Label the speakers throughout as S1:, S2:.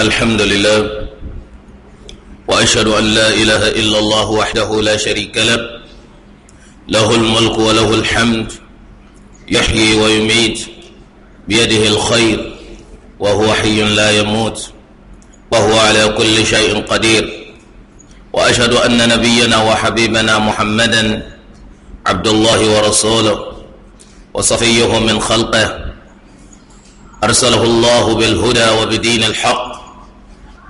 S1: الحمد لله وأشهد أن لا إله إلا الله وحده لا شريك له له الملك وله الحمد يحيي ويميت بيده الخير وهو حي لا يموت وهو على كل شيء قدير وأشهد أن نبينا وحبيبنا محمدا عبد الله ورسوله وصفيه من خلقه أرسله الله بالهدى وبدين الحق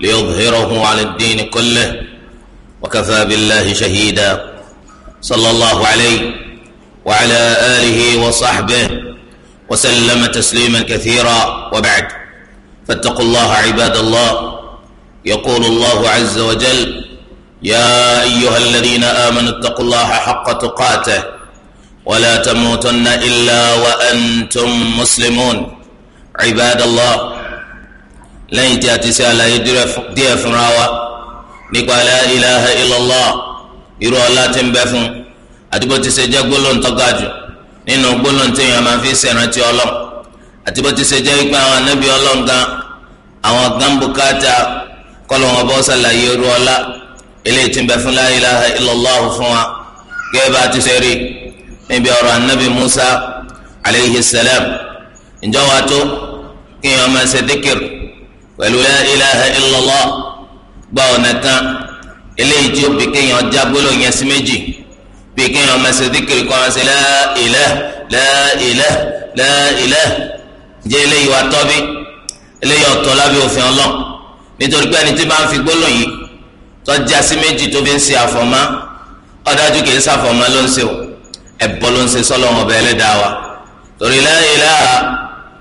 S1: ليظهره على الدين كله وكفى بالله شهيدا صلى الله عليه وعلى آله وصحبه وسلم تسليما كثيرا وبعد فاتقوا الله عباد الله يقول الله عز وجل يا أيها الذين آمنوا اتقوا الله حق تقاته ولا تموتن إلا وأنتم مسلمون عباد الله lẹ́yìn tí a ti ṣe àlàyé díẹ̀ fúnra wa nípa la ilaha illallah irú ọlá tí ń bẹ fún àti bó ti ṣe jẹ́ gbólóhùn tó ga jù nínú gbólóhùn tí èèyàn máa fi ṣèrántí Ọlọ́run àti bó ti ṣe jẹ́ pé àwọn anábì Ọlọ́run gan àwọn gan bùkátà kọ́lọ̀ wọn bọ́ ṣàlàyé irú ọlá eléyìí tí ń bẹ fún ilaha illallah fún wa gẹ́gẹ́ bá a ti ṣe rí níbi ọ̀rọ̀ anábì Musa alayhi salam ǹjọ́ tó kí èèyàn máa ṣe díkìrì pẹ̀lú la ilaha illallah gba ọ̀nà kan eléyìí tí ó bí kéèyàn já gbólóhùn yẹn sí méjì bí kéèyàn máa ṣe díkìrì kan ṣe la ilaha la ilaha la ilaha jẹ́ eléyìí wà tọ́ bí eléyìí ọ̀tọ̀ lábẹ́ òfin ọlọ́ọ̀ nítorí pé ẹni tí bá ń fi gbólóhùn yìí tó sí méjì tó fi ń ṣe àfọ̀mọ́ ọ̀dájú kìí ṣàfọ̀mọ́ ló ń ṣe o ẹ̀bọ ló ń ṣe sọ́lọ́ ọ̀bẹ ẹlẹ́dàá wa torí la ilaha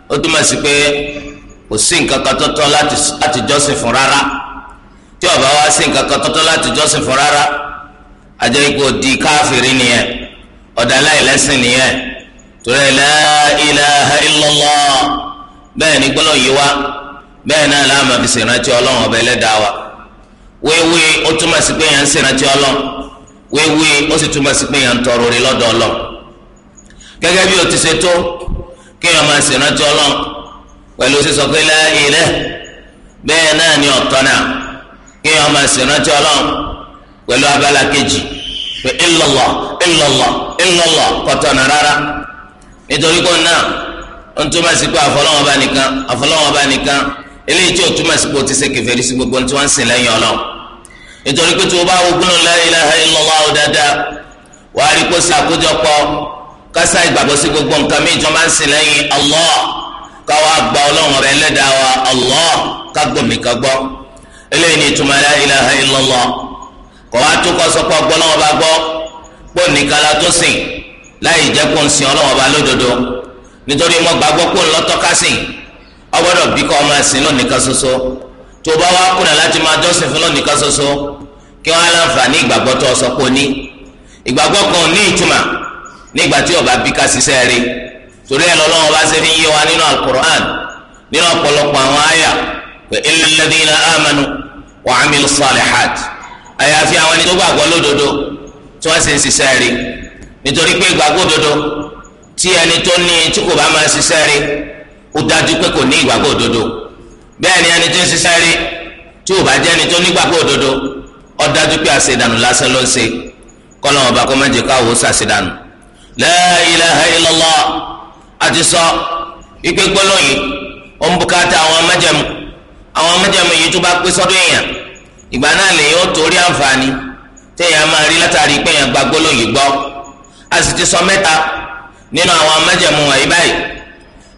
S1: ó túmọ̀ sí pé kò sí nǹkan kan tó láti jọ́sìn fún rárá tí ó bá sí nǹkan kan di káfíìrì nìyẹn ọ̀dàlá ìlẹ́sìn nìyẹn torí ẹ̀ bẹ́ẹ̀ ni gbọ́dọ̀ yí wa bẹ́ẹ̀ náà láàmú fi ṣèrántí ọlọ́run ọba ẹlẹ́dàá wa wíwí ó túmọ̀ sí pé yẹn ń ṣèrántí ọlọ́run wíwí ó sì túmọ̀ sí pé yẹn ń tọrọ orí lọ́dọ̀ ọlọ́run gẹ́gẹ́ bí o ti ṣe tó pẹ̀lú sísọ pé láìlẹ́ bẹ́ẹ̀ náà ni ọ̀tọ́ náà kí wọ́n máa sì rántí ọlọ́run pẹ̀lú abala kejì pé illallah illallah illallah kọ̀tọ̀ náà rárá nítorí pé náà ó ń túmọ̀ sí pé àfọlọ́wọn bá nìkan àfọlọ́wọn bá nìkan eléyìí gbogbo tí wọ́n ń sìn lẹ́yìn ọlọ́run nítorí pé tí bá káwa gba ọlọ́run rẹ lẹ́dàá wa Allah ká gbọ́mí ká gbọ́ eléyìí ni ìtumọ̀ la ilaha ha kọ́ wa tó kọ́ sọ́kọ́ gbọ́ ọlọ́run bá gbọ́ pọ̀ tó sìn ń nítorí mo ká sìn ọgbọ́dọ̀ bí kọ́ ọmọ ẹ̀sìn tó bá wá kùnà jọ́sìn fún kí torí ẹ̀ ọba bá ṣe fi yé wa nínú alukur'an nínú ọ̀pọ̀lọpọ̀ àwọn àyà pé ilẹ̀lẹ́dínlá àmánu wà á mi salihat àyàfi àwọn ẹni tó gbàgbọ́ lódodo tí wọ́n sì ń ṣiṣẹ́ rí nítorí pé ìgbàgbọ́ tí ẹni tó ní tí kò bá máa ṣiṣẹ́ rí ó dájú pé kò ní bẹ́ẹ̀ ni ẹni tó ń ṣiṣẹ́ rí tí ò bá jẹ́ ẹni tó dájú pé lásán ló ń ṣe jẹ́ káwọ́ àti sọ ikpe gbólóhùn yìí ó bukata bùkátà àwọn amájẹmú àwọn amájẹmú yìí tó bá pé sọ́dọ̀ èèyàn ìgbà náà lèyìn ó torí àǹfààní téèyàn máa rí látàrí pé èèyàn gba yìí gbọ́ a sì ti sọ mẹ́ta nínú àwọn amájẹmú wọ̀nyí báyìí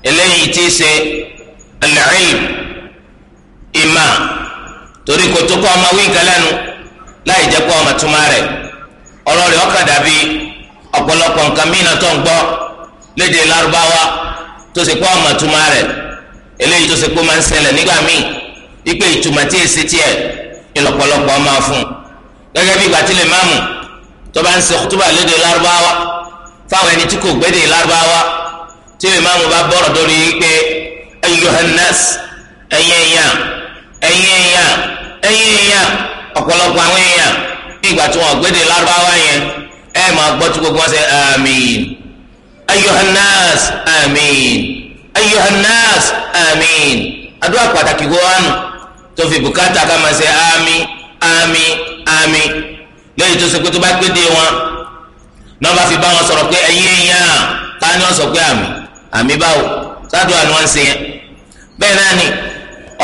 S1: eléyìí ti ṣe al-ilm ìmà torí kò tó kọ́ ọmọ wí nǹkan lẹ́nu láì jẹ́ pé ọmọ túmọ̀ rẹ̀ ọlọ́rẹ̀ ọkàn ọ̀pọ̀lọpọ̀ nǹkan lédè Lárúbáwá tó ṣe pé ọmọ túmọ̀ rẹ̀ eléyìí tó ṣe pé máa ń ṣẹlẹ̀ nígbà míì ipe ìtumọ̀ tí èsì tiẹ̀ ìlọ̀pọ̀lọpọ̀ máa fún un gẹ́gẹ́ bí ìgbà tí lè máàmù tó bá ń ṣe kútúbà lédè Lárúbáwá fáwọn ẹni tí kò gbédè Lárúbáwá tí lè máàmù bá bọ̀rọ̀ dórí pé ayyuhannas ẹ̀yin èèyàn ẹ̀yin èèyàn àwọn èèyàn ní ìgbà tí wọ́n yẹn ẹ̀ máa gbọ́ tí gbogbo wọn ṣe àmín ayyuhannas amiin ayyuhannas amiin àdúrà pàtàkì gbọ́wánu tó fi bùkátà ká máa ṣe àmín àmín àmín lẹ́yìn tó ṣe pé tó bá gbéde wọn náà bá fi bá wọn sọ̀rọ̀ pé ẹ̀yin èèyàn ká ní wọn sọ pé àmín àmín báwo sádùá ni wọ́n ń ṣe yẹn bẹ́ẹ̀ náà ni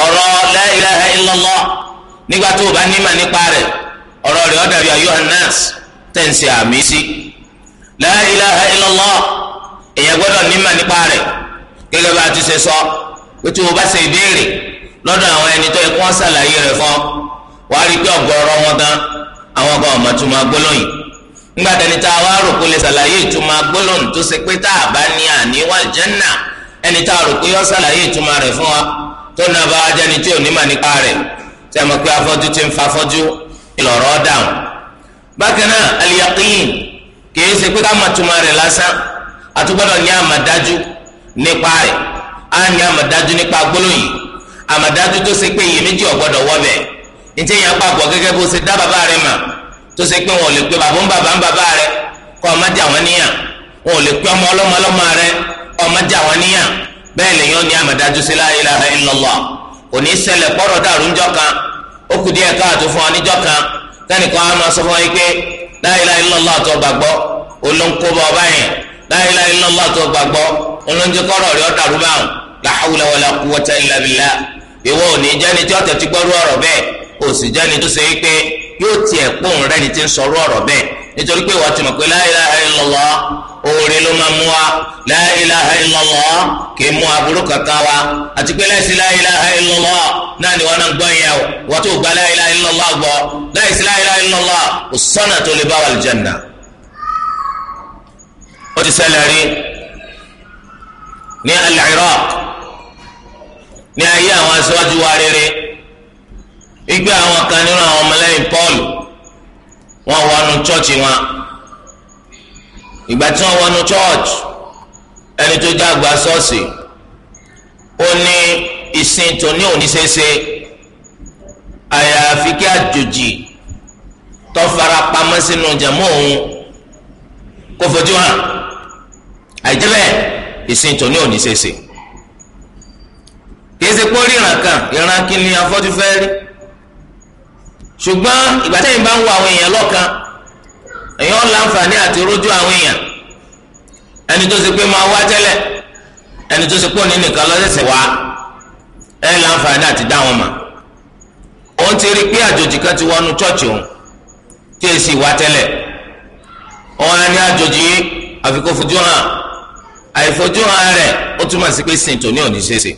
S1: ọ̀rọ̀ la ilaha illallah nígbà tó o bá nímà nípa rẹ̀ ọ̀rọ̀ rẹ̀ ó dàbí ayyuhannas tẹ̀ ń ṣe àmín sí la ilaha illallah. èèyàn gbọdọ nímọ̀ nípa rẹ gẹ́gẹ́ bá a ti ṣe sọ pé o bá ṣe ìbéèrè àwọn ẹni tó yẹ kó ṣàlàyé
S2: wàá rí pé wọn gan
S1: àwọn kan ọmọ tó máa gbólóyìn nígbà tẹni tá a wá rò lè ṣàlàyé ìtumọ̀ tó ṣe pé a bá ní àníwá jẹ́nà ẹni tá a rò pé yọ ṣàlàyé ìtumọ̀ fún wa tó bá tí mọ̀ pé afọ́jú ti àtúgbọ́dọ̀ ní àmàdájú nípa rẹ̀ á ní àmàdájú nípa gbólóyìn àmàdájú tó ṣe pé iyèméjì ọ̀gbọ́dọ̀ wọ́bẹ̀ ntí ya gbàgbọ́ gẹgẹ bó ṣe dá bàbá rẹ̀ mà tó ṣe pé wọn ò lè pe bàbá ń bàbá ń bàbá rẹ̀ kọ́ ọ má jà níyà wọn ò lè pe ọmọ ọlọ́mọ ọ ní sí la kò ní kan ó kù káàtó fún kan kẹ́nìkan á máa la ilaha illallah tó gbàgbọ́ olóńjẹ kọ́rọ̀ rẹ̀ ọ̀dàrú bá wọn la hawla wala quwwata illa billah ìwọ ò ní jẹ́ni tí ọ̀tẹ̀ ti gbọ́rú ọ̀rọ̀ bẹ́ẹ̀ ò sì jẹ́ni tó ṣe é pé yóò tiẹ̀ pòun rẹ̀ ni ti ń sọ̀rọ̀ ọ̀rọ̀ bẹ́ẹ̀ nítorí pé wàá ti mọ̀ pé la ilaha illallah oore ló máa mú wa la ilaha illallah kì í mú aburú kankan wa àti pé láìsí la ilaha illallah náà ni wọn náà gbọ́ yẹn o wọ́n tó gba la ilaha illallah gbọ́ láìsí ó ti ṣẹlẹ̀ rí ní al-Iraq ní ayé àwọn aṣáájú wa rere igbe àwọn kan nínú àwọn ọmọlẹ́yìn Paul wọ́n wọnú chọ́ọ̀chì wọn ìgbà tí wọ́n wọnú chọ́ọ̀chì ẹni tó já àgbà ṣọ́ọ̀ṣì ó ní ìsìn tó ní òní àyàfi kí àjòjì tó fara pamọ́ sínú jàmọ́ òun kò fojú hàn. àìjẹ́ bẹ́ẹ̀ ní ṣeéṣe kì í ṣe pé ó rí ìràn ni afọ́jú fẹ́ rí ṣùgbọ́n ìgbà tẹ́yìn bá ń wo àwọn èèyàn lọ́kan èèyàn láǹfààní àti rójú àwọn èèyàn ẹni tó ṣe pé máa wá tẹ́lẹ̀ ẹni tó ṣe pé òní nìkan lọ́sẹ̀sẹ̀ wá ẹ láǹfààní àti dá wọn mọ̀ òun ti rí pé àjòjì kan ti wọnú chọ́ọ̀chì òun tí èsì wá tẹ́lẹ̀ òun á ní àjòjì àfikún fojú hàn àìfojú hàn rẹ̀ ó túmọ̀ sí pé sèǹtò ní òní ṣe é ṣe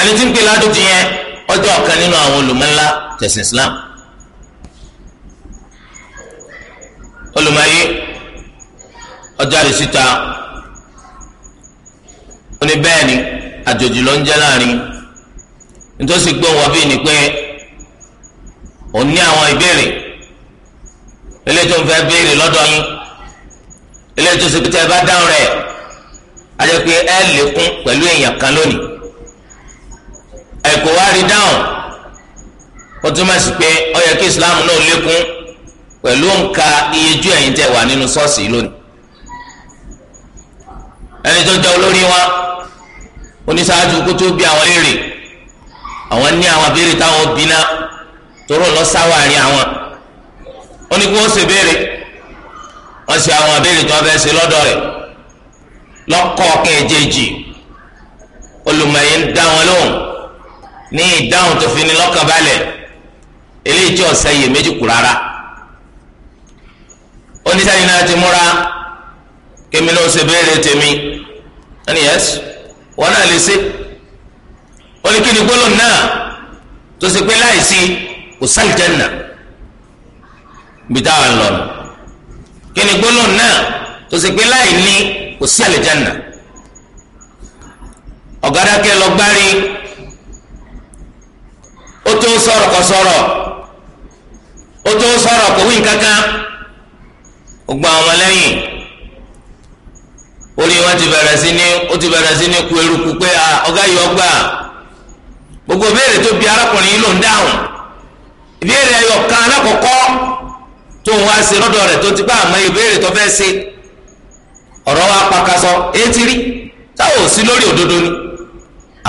S1: ẹni tí ń pè ládùjì yẹn ọjọ́ ọ̀kan nínú àwọn olùmọ̀ńlá tẹ̀sìn Islam olùmọ̀yé ọjọ́ àdìsíta ó ní bẹ́ẹ̀ ni àjòjì ló ń jẹ́ láàrin nítòsí gbọ́n wọ́n bí ni pé òun ní àwọn ìbéèrè eléyìí tó ń fẹ́ béèrè lọ́dọ̀ yín eléyìí tó ṣe pé tẹ ẹ bá dáhùn rẹ̀ a jẹ́ pé ẹ lékún pẹ̀lú èèyàn kan lónìí ẹ kò wá rí dáhùn ó túmọ̀ sí pé ó yẹ kí islam náà lékún pẹ̀lú òǹkà iyejú ẹ̀yin tẹ wà nínú ṣọ́ọ̀ṣì lónìí ẹni tó jẹ́ olórí wa oníṣáájú kó tó bí àwọn èrè àwọn ní àwọn abéèrè táwọn bí náà toró lọ sáwárí àwọn ó ní kí wọ́n ṣe béèrè wọ́n ṣe àwọn abéèrè tí wọ́n fẹ́ ṣe lọ́dọ̀ rẹ̀ lọ́kọ̀ọ̀kan èjèèjì olùmọ̀ye ń dá wọn lóhùn ní ìdáhùn tó fi ni lọ́kàn balẹ̀ eléyìí tí ọ̀sẹ̀ yìí méjì kù rárá oníṣẹ́yìn náà ti múra kémi náà ṣe béèrè tèmi ẹni yẹs wọn náà lè ṣe oníkìní gbólóhùn náà tó ṣe pé láìsí kò sálì nà bí táwọn lọ́nà. kí ni gbólóhùn náà tó ṣe pé láì ní kò sí àlìjáná ọ̀gádákẹ́ lọ gbárí ó tó sọ̀rọ̀ kò sọ̀rọ̀ ó tó sọ̀rọ̀ kò wí kankan gbogbo àwọn ọmọlẹ́yìn orí wọn ti bẹ̀rẹ̀ sí ní ó ti bẹ̀rẹ̀ sí ní ku eruku pé ọ̀gá yìí gbogbo béèrè tó bi arákùnrin yìí ló ń dáhùn tó wá sí lọ́dọ̀ rẹ̀ tó ti gbá àmọ́ ìbéèrè tó fẹ́ ṣe ọ̀rọ̀ wa pakasọ etí rí táwọn ò sí lórí ni a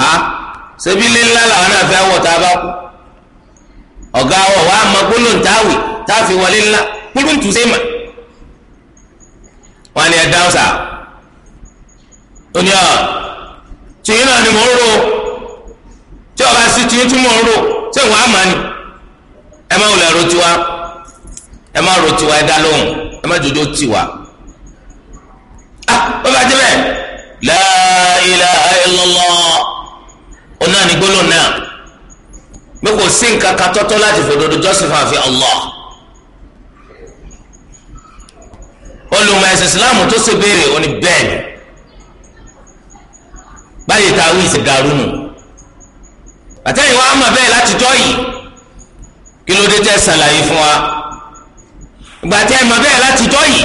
S1: ṣebí ilé ńlá làwọn náà fẹ́ wọ̀ tá a bá kú ọ̀gá wọ̀ wá mọ gbólóhùn táwì tá a fi wọlé ńlá gbólóhùn tù sí mà wọn ni ẹ dáhùn ní ọ tìyín náà ni mò ọba sí tìyín tí mò ń ro tí ni ẹ má ẹ má ro tiwa ẹ dá lóhùn ẹ má dodo tiwa. Ah, ó bá débẹ̀ la ilaha illallah ọ̀nà ní gbólóhùn náà bí kò sí nǹkan kan tọ́tọ́ láti fòdodo jọ́sìn fún àfi Allah. olùmọ̀ ẹ̀sìn Islam tó ṣe béèrè ó bẹ́ẹ̀ ni báyìí ta wí ṣe dàrú nù àtẹ̀yìnwá ama bẹ́ẹ̀ látijọ́ yìí kí ló dé tẹ́ ṣàlàyé fún wa. ìgbà tí ẹ mọ bẹ́ẹ̀ láti jọ yìí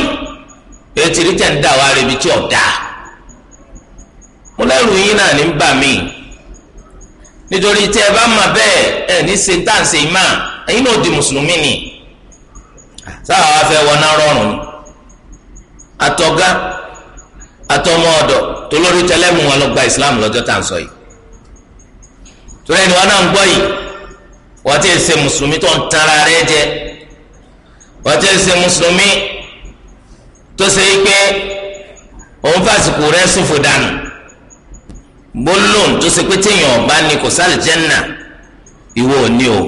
S1: ètò ìrìtẹ̀ ń dà wá rebi tí ọ̀dà mo lẹ́rù yín náà ní bà mí nítorí tí ẹ bá mọ bẹ́ẹ̀ ẹ ní ṣe tá à ń ṣe ìmá náà di mùsùlùmí ni sáà wá fẹ́ wọná rọrùn ọ̀dọ̀ lọ gba ìsìláàmù lọ́jọ́ tá à ń sọ yìí torí ẹni wọn náà ti ṣe mùsùlùmí wọ́tí ẹ̀ ṣe mùsùlùmí tó ṣe é pé òun fàṣìkò rẹ̀ ṣòfò dànù gbólóhùn tó ṣe pé téèyàn ọba ni kò sálì jẹ́nà ìwọ òní o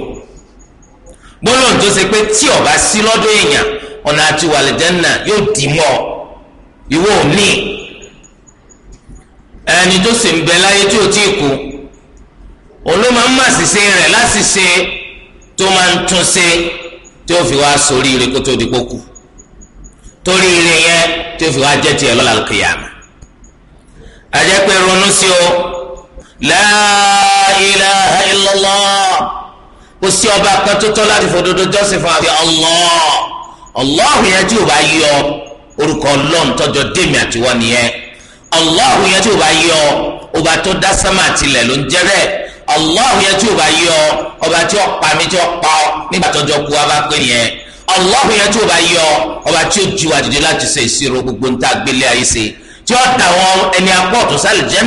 S1: gbólóhùn tó ṣe pé tí ọba sí lọ́dọ̀ èèyàn ọ̀nà àti wàlẹ̀ jẹ́nà yóò dì mọ́ ìwọ òní ẹni tó sì ń bẹ láyé tí ò tí ì kú òun ló máa ń mà sí ṣe rẹ̀ láti ṣe tó máa ń tún ṣe tí ó fi wá sórí ire kó tó di kókù torí ire yẹn tí ó fi wá jẹ́ tiẹ̀ lọ́la kìyàmù. àjẹpẹ́ ronú sí o la ilaha illallah kò sí ọba kan tó tọ́ láti fòdodo jọ́sìn fún àfi Allah Allah yẹn tí ò bá yí orúkọ ọlọ́run tọ́jọ́ dèmi àtiwọ́ nìyẹn
S2: Allah yẹn
S1: tí ò bá yí ọ ọba tó dá sámà tilẹ̀ ló ń jẹ́ Allahu yẹn tí o bá yí ọ ọba tí ó pa mi tí ó pa ọ nígbà tọ́jọ́ kú wa bá pè yẹn tí o bá yí ọ ọba tí ó ju láti ṣe ìṣirò gbogbo níta gbélé ayé ṣe tí ó da ẹni apọ̀ tó sálì tí ó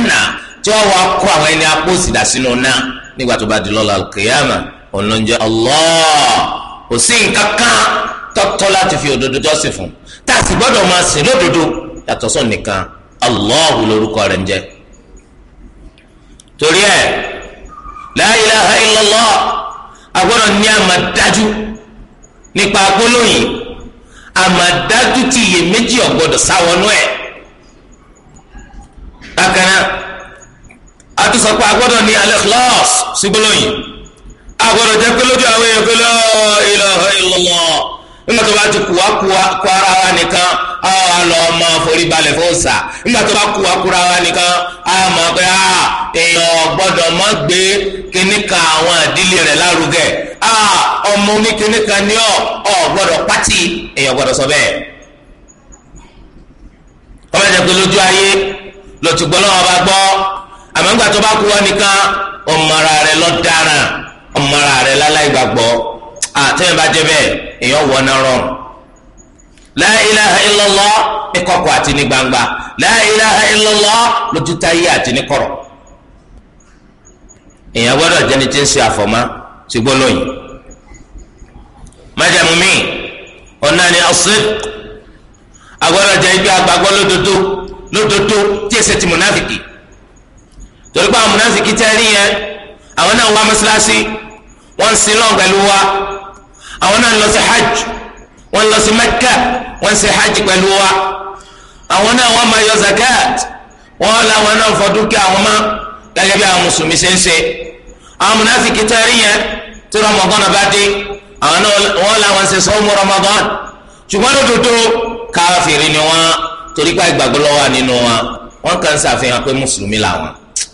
S1: wá kó àwọn ẹni sínú nígbà tó bá di lọ́la kìyàmà Allah kò sí fi òdodo fún tá a sì gbọ́dọ̀ máa la ilaha illallah agbọ́dọ̀ ní àmàdájú nípa agbólóyìn àmàdájú ti iyèméjì ọ̀gbọ́dọ̀ sáwọnú ẹ̀ bákan náà àtúnṣọpọ̀ agbọ́dọ̀ ní al-ikhlas sígbólóyìn agbọ́dọ̀ jẹ́ pé lójú àwọn èèyàn pé la ilaha illallah nígbà tó bá ti kú wá kú ara wa nìkan a wà lọ ọmọ foríbalẹ̀ fòòṣà nígbà tó bá kú akura wa nìkan a mọ̀ pé a èèyàn gbọ́dọ̀ mọ́ gbé kíní kan àwọn àdílé rẹ̀ lárugẹ a ọmọ oníkíní kan ní ọ ọ gbọ́dọ̀ pátì èèyàn gbọ́dọ̀ sọ bẹ́ẹ̀ ọmọ ẹ̀jẹ̀ pé lójú ayé lọ́tùgbọ́ lọ́wọ́ bá gbọ́ àmọ́ nígbà tó bá kú wa nìkan ọmọ ara rẹ̀ ló dáràn ọmọ ara rẹ̀ jẹ́ bẹ́ẹ̀ èèyàn wọ̀ náà rọrùn la ilaha illallah ní kọ̀kọ̀ àti ní gbangba la ilaha illallah lójú táyé àti ní kọ̀rọ̀ èèyàn gbọ́dọ̀ jẹ́ni tí ń ṣe àfọ̀mọ́ sí gbólóyìn májàmú mi ọ̀nà ni ọ̀sìn agbọ́dọ̀ jẹ́ ibi àgbàgbọ́ lódodo lódodo tí èsè ti múnáfìkì torí pé àwọn múnáfìkì tẹ́ rí yẹn àwọn náà wá mọ́ṣáláṣí wọ́n ń sin lọ́n pẹ̀lú wa àwọn náà lọ sí hajj wọ́n lọ sí mẹ́kà wọ́n ṣe hajj pẹ̀lú wa àwọn náà wọ́n máa yọ zakat wọ́n làwọn náà fọ dúkìá wọn mọ́ gẹ́gẹ́ bí àwọn mùsùlùmí ṣe ń ṣe àwọn mùnáfíkì tẹ́rí yẹn tí rọmọgán bá dé àwọn náà wọ́n làwọn ṣe sọ́mu rọmọgán ṣùgbọ́n lódodo káfíìrì ni wọ́n torí pé ìgbàgbọ́ ló wà nínú wọn wọ́n kàn ṣàfihàn pé mùsùlùmí làwọn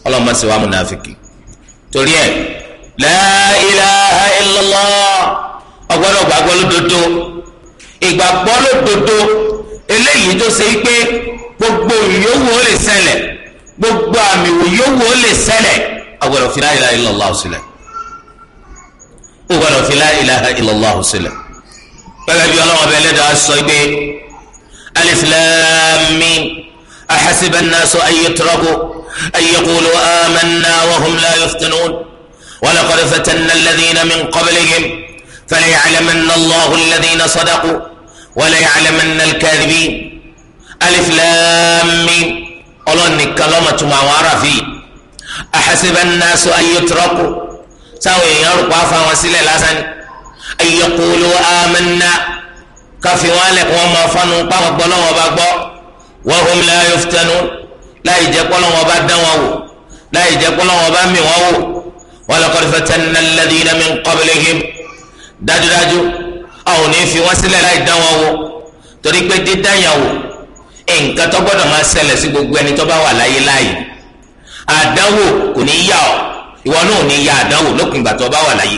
S1: ọlọ́mọ sì wà mùnáfíkì torí ẹ̀ la ilaha ọgbọ́dọ̀ gbàgbọ́ lódodo ìgbàgbọ́ lódodo eléyìí tó ṣe pé gbogbo ìyówó ó lè ṣẹlẹ̀ gbogbo àmì ìyówó ó lè ṣẹlẹ̀ agbọ́dọ̀ fi la ilaha illallah sílẹ̀ agbọ́dọ̀ fi la ilaha illallah sílẹ̀ gẹ́gẹ́ bí ọlọ́wọ́ bẹ́ẹ̀ lẹ́dàá sọ pé alif lam mim ahasiba amanna wa hum la yuftanun wa laqad min qablihim. فليعلمن الله الذين صدقوا وليعلمن الكاذبين ألف لام ميم ọlọ́run nìkan lọ́mọ tún àwọn aráàfin ahasiban nasu an yutraku táwọn èèyàn rò pa fáwọn sílẹ̀ lásán an yaqulu amanna káfí wọn lẹ̀ kí wọ́n máa fanu páwọn gbọ́ lọ́wọ́ bá gbọ́ wa hum la yuftanun láì jẹ́ pọ́ lọ́wọ́ bá dán wọn wò láì jẹ́ pọ́ lọ́wọ́ bá mì wọn wò wa laqad fatanna alladhina min qablihim dájúdájú a ò ní fi wọn sílẹ̀ láì dá wọn wò torí pé dídá yẹn wò nǹkan tó gbọ́dọ̀ máa ṣẹlẹ̀ sí gbogbo ẹni tó bá wà láyé láàyè àdánwò kò ní yà ọ́ ìwọ náà ò ní yà àdánwò lópin ìgbà tó bá wà láyé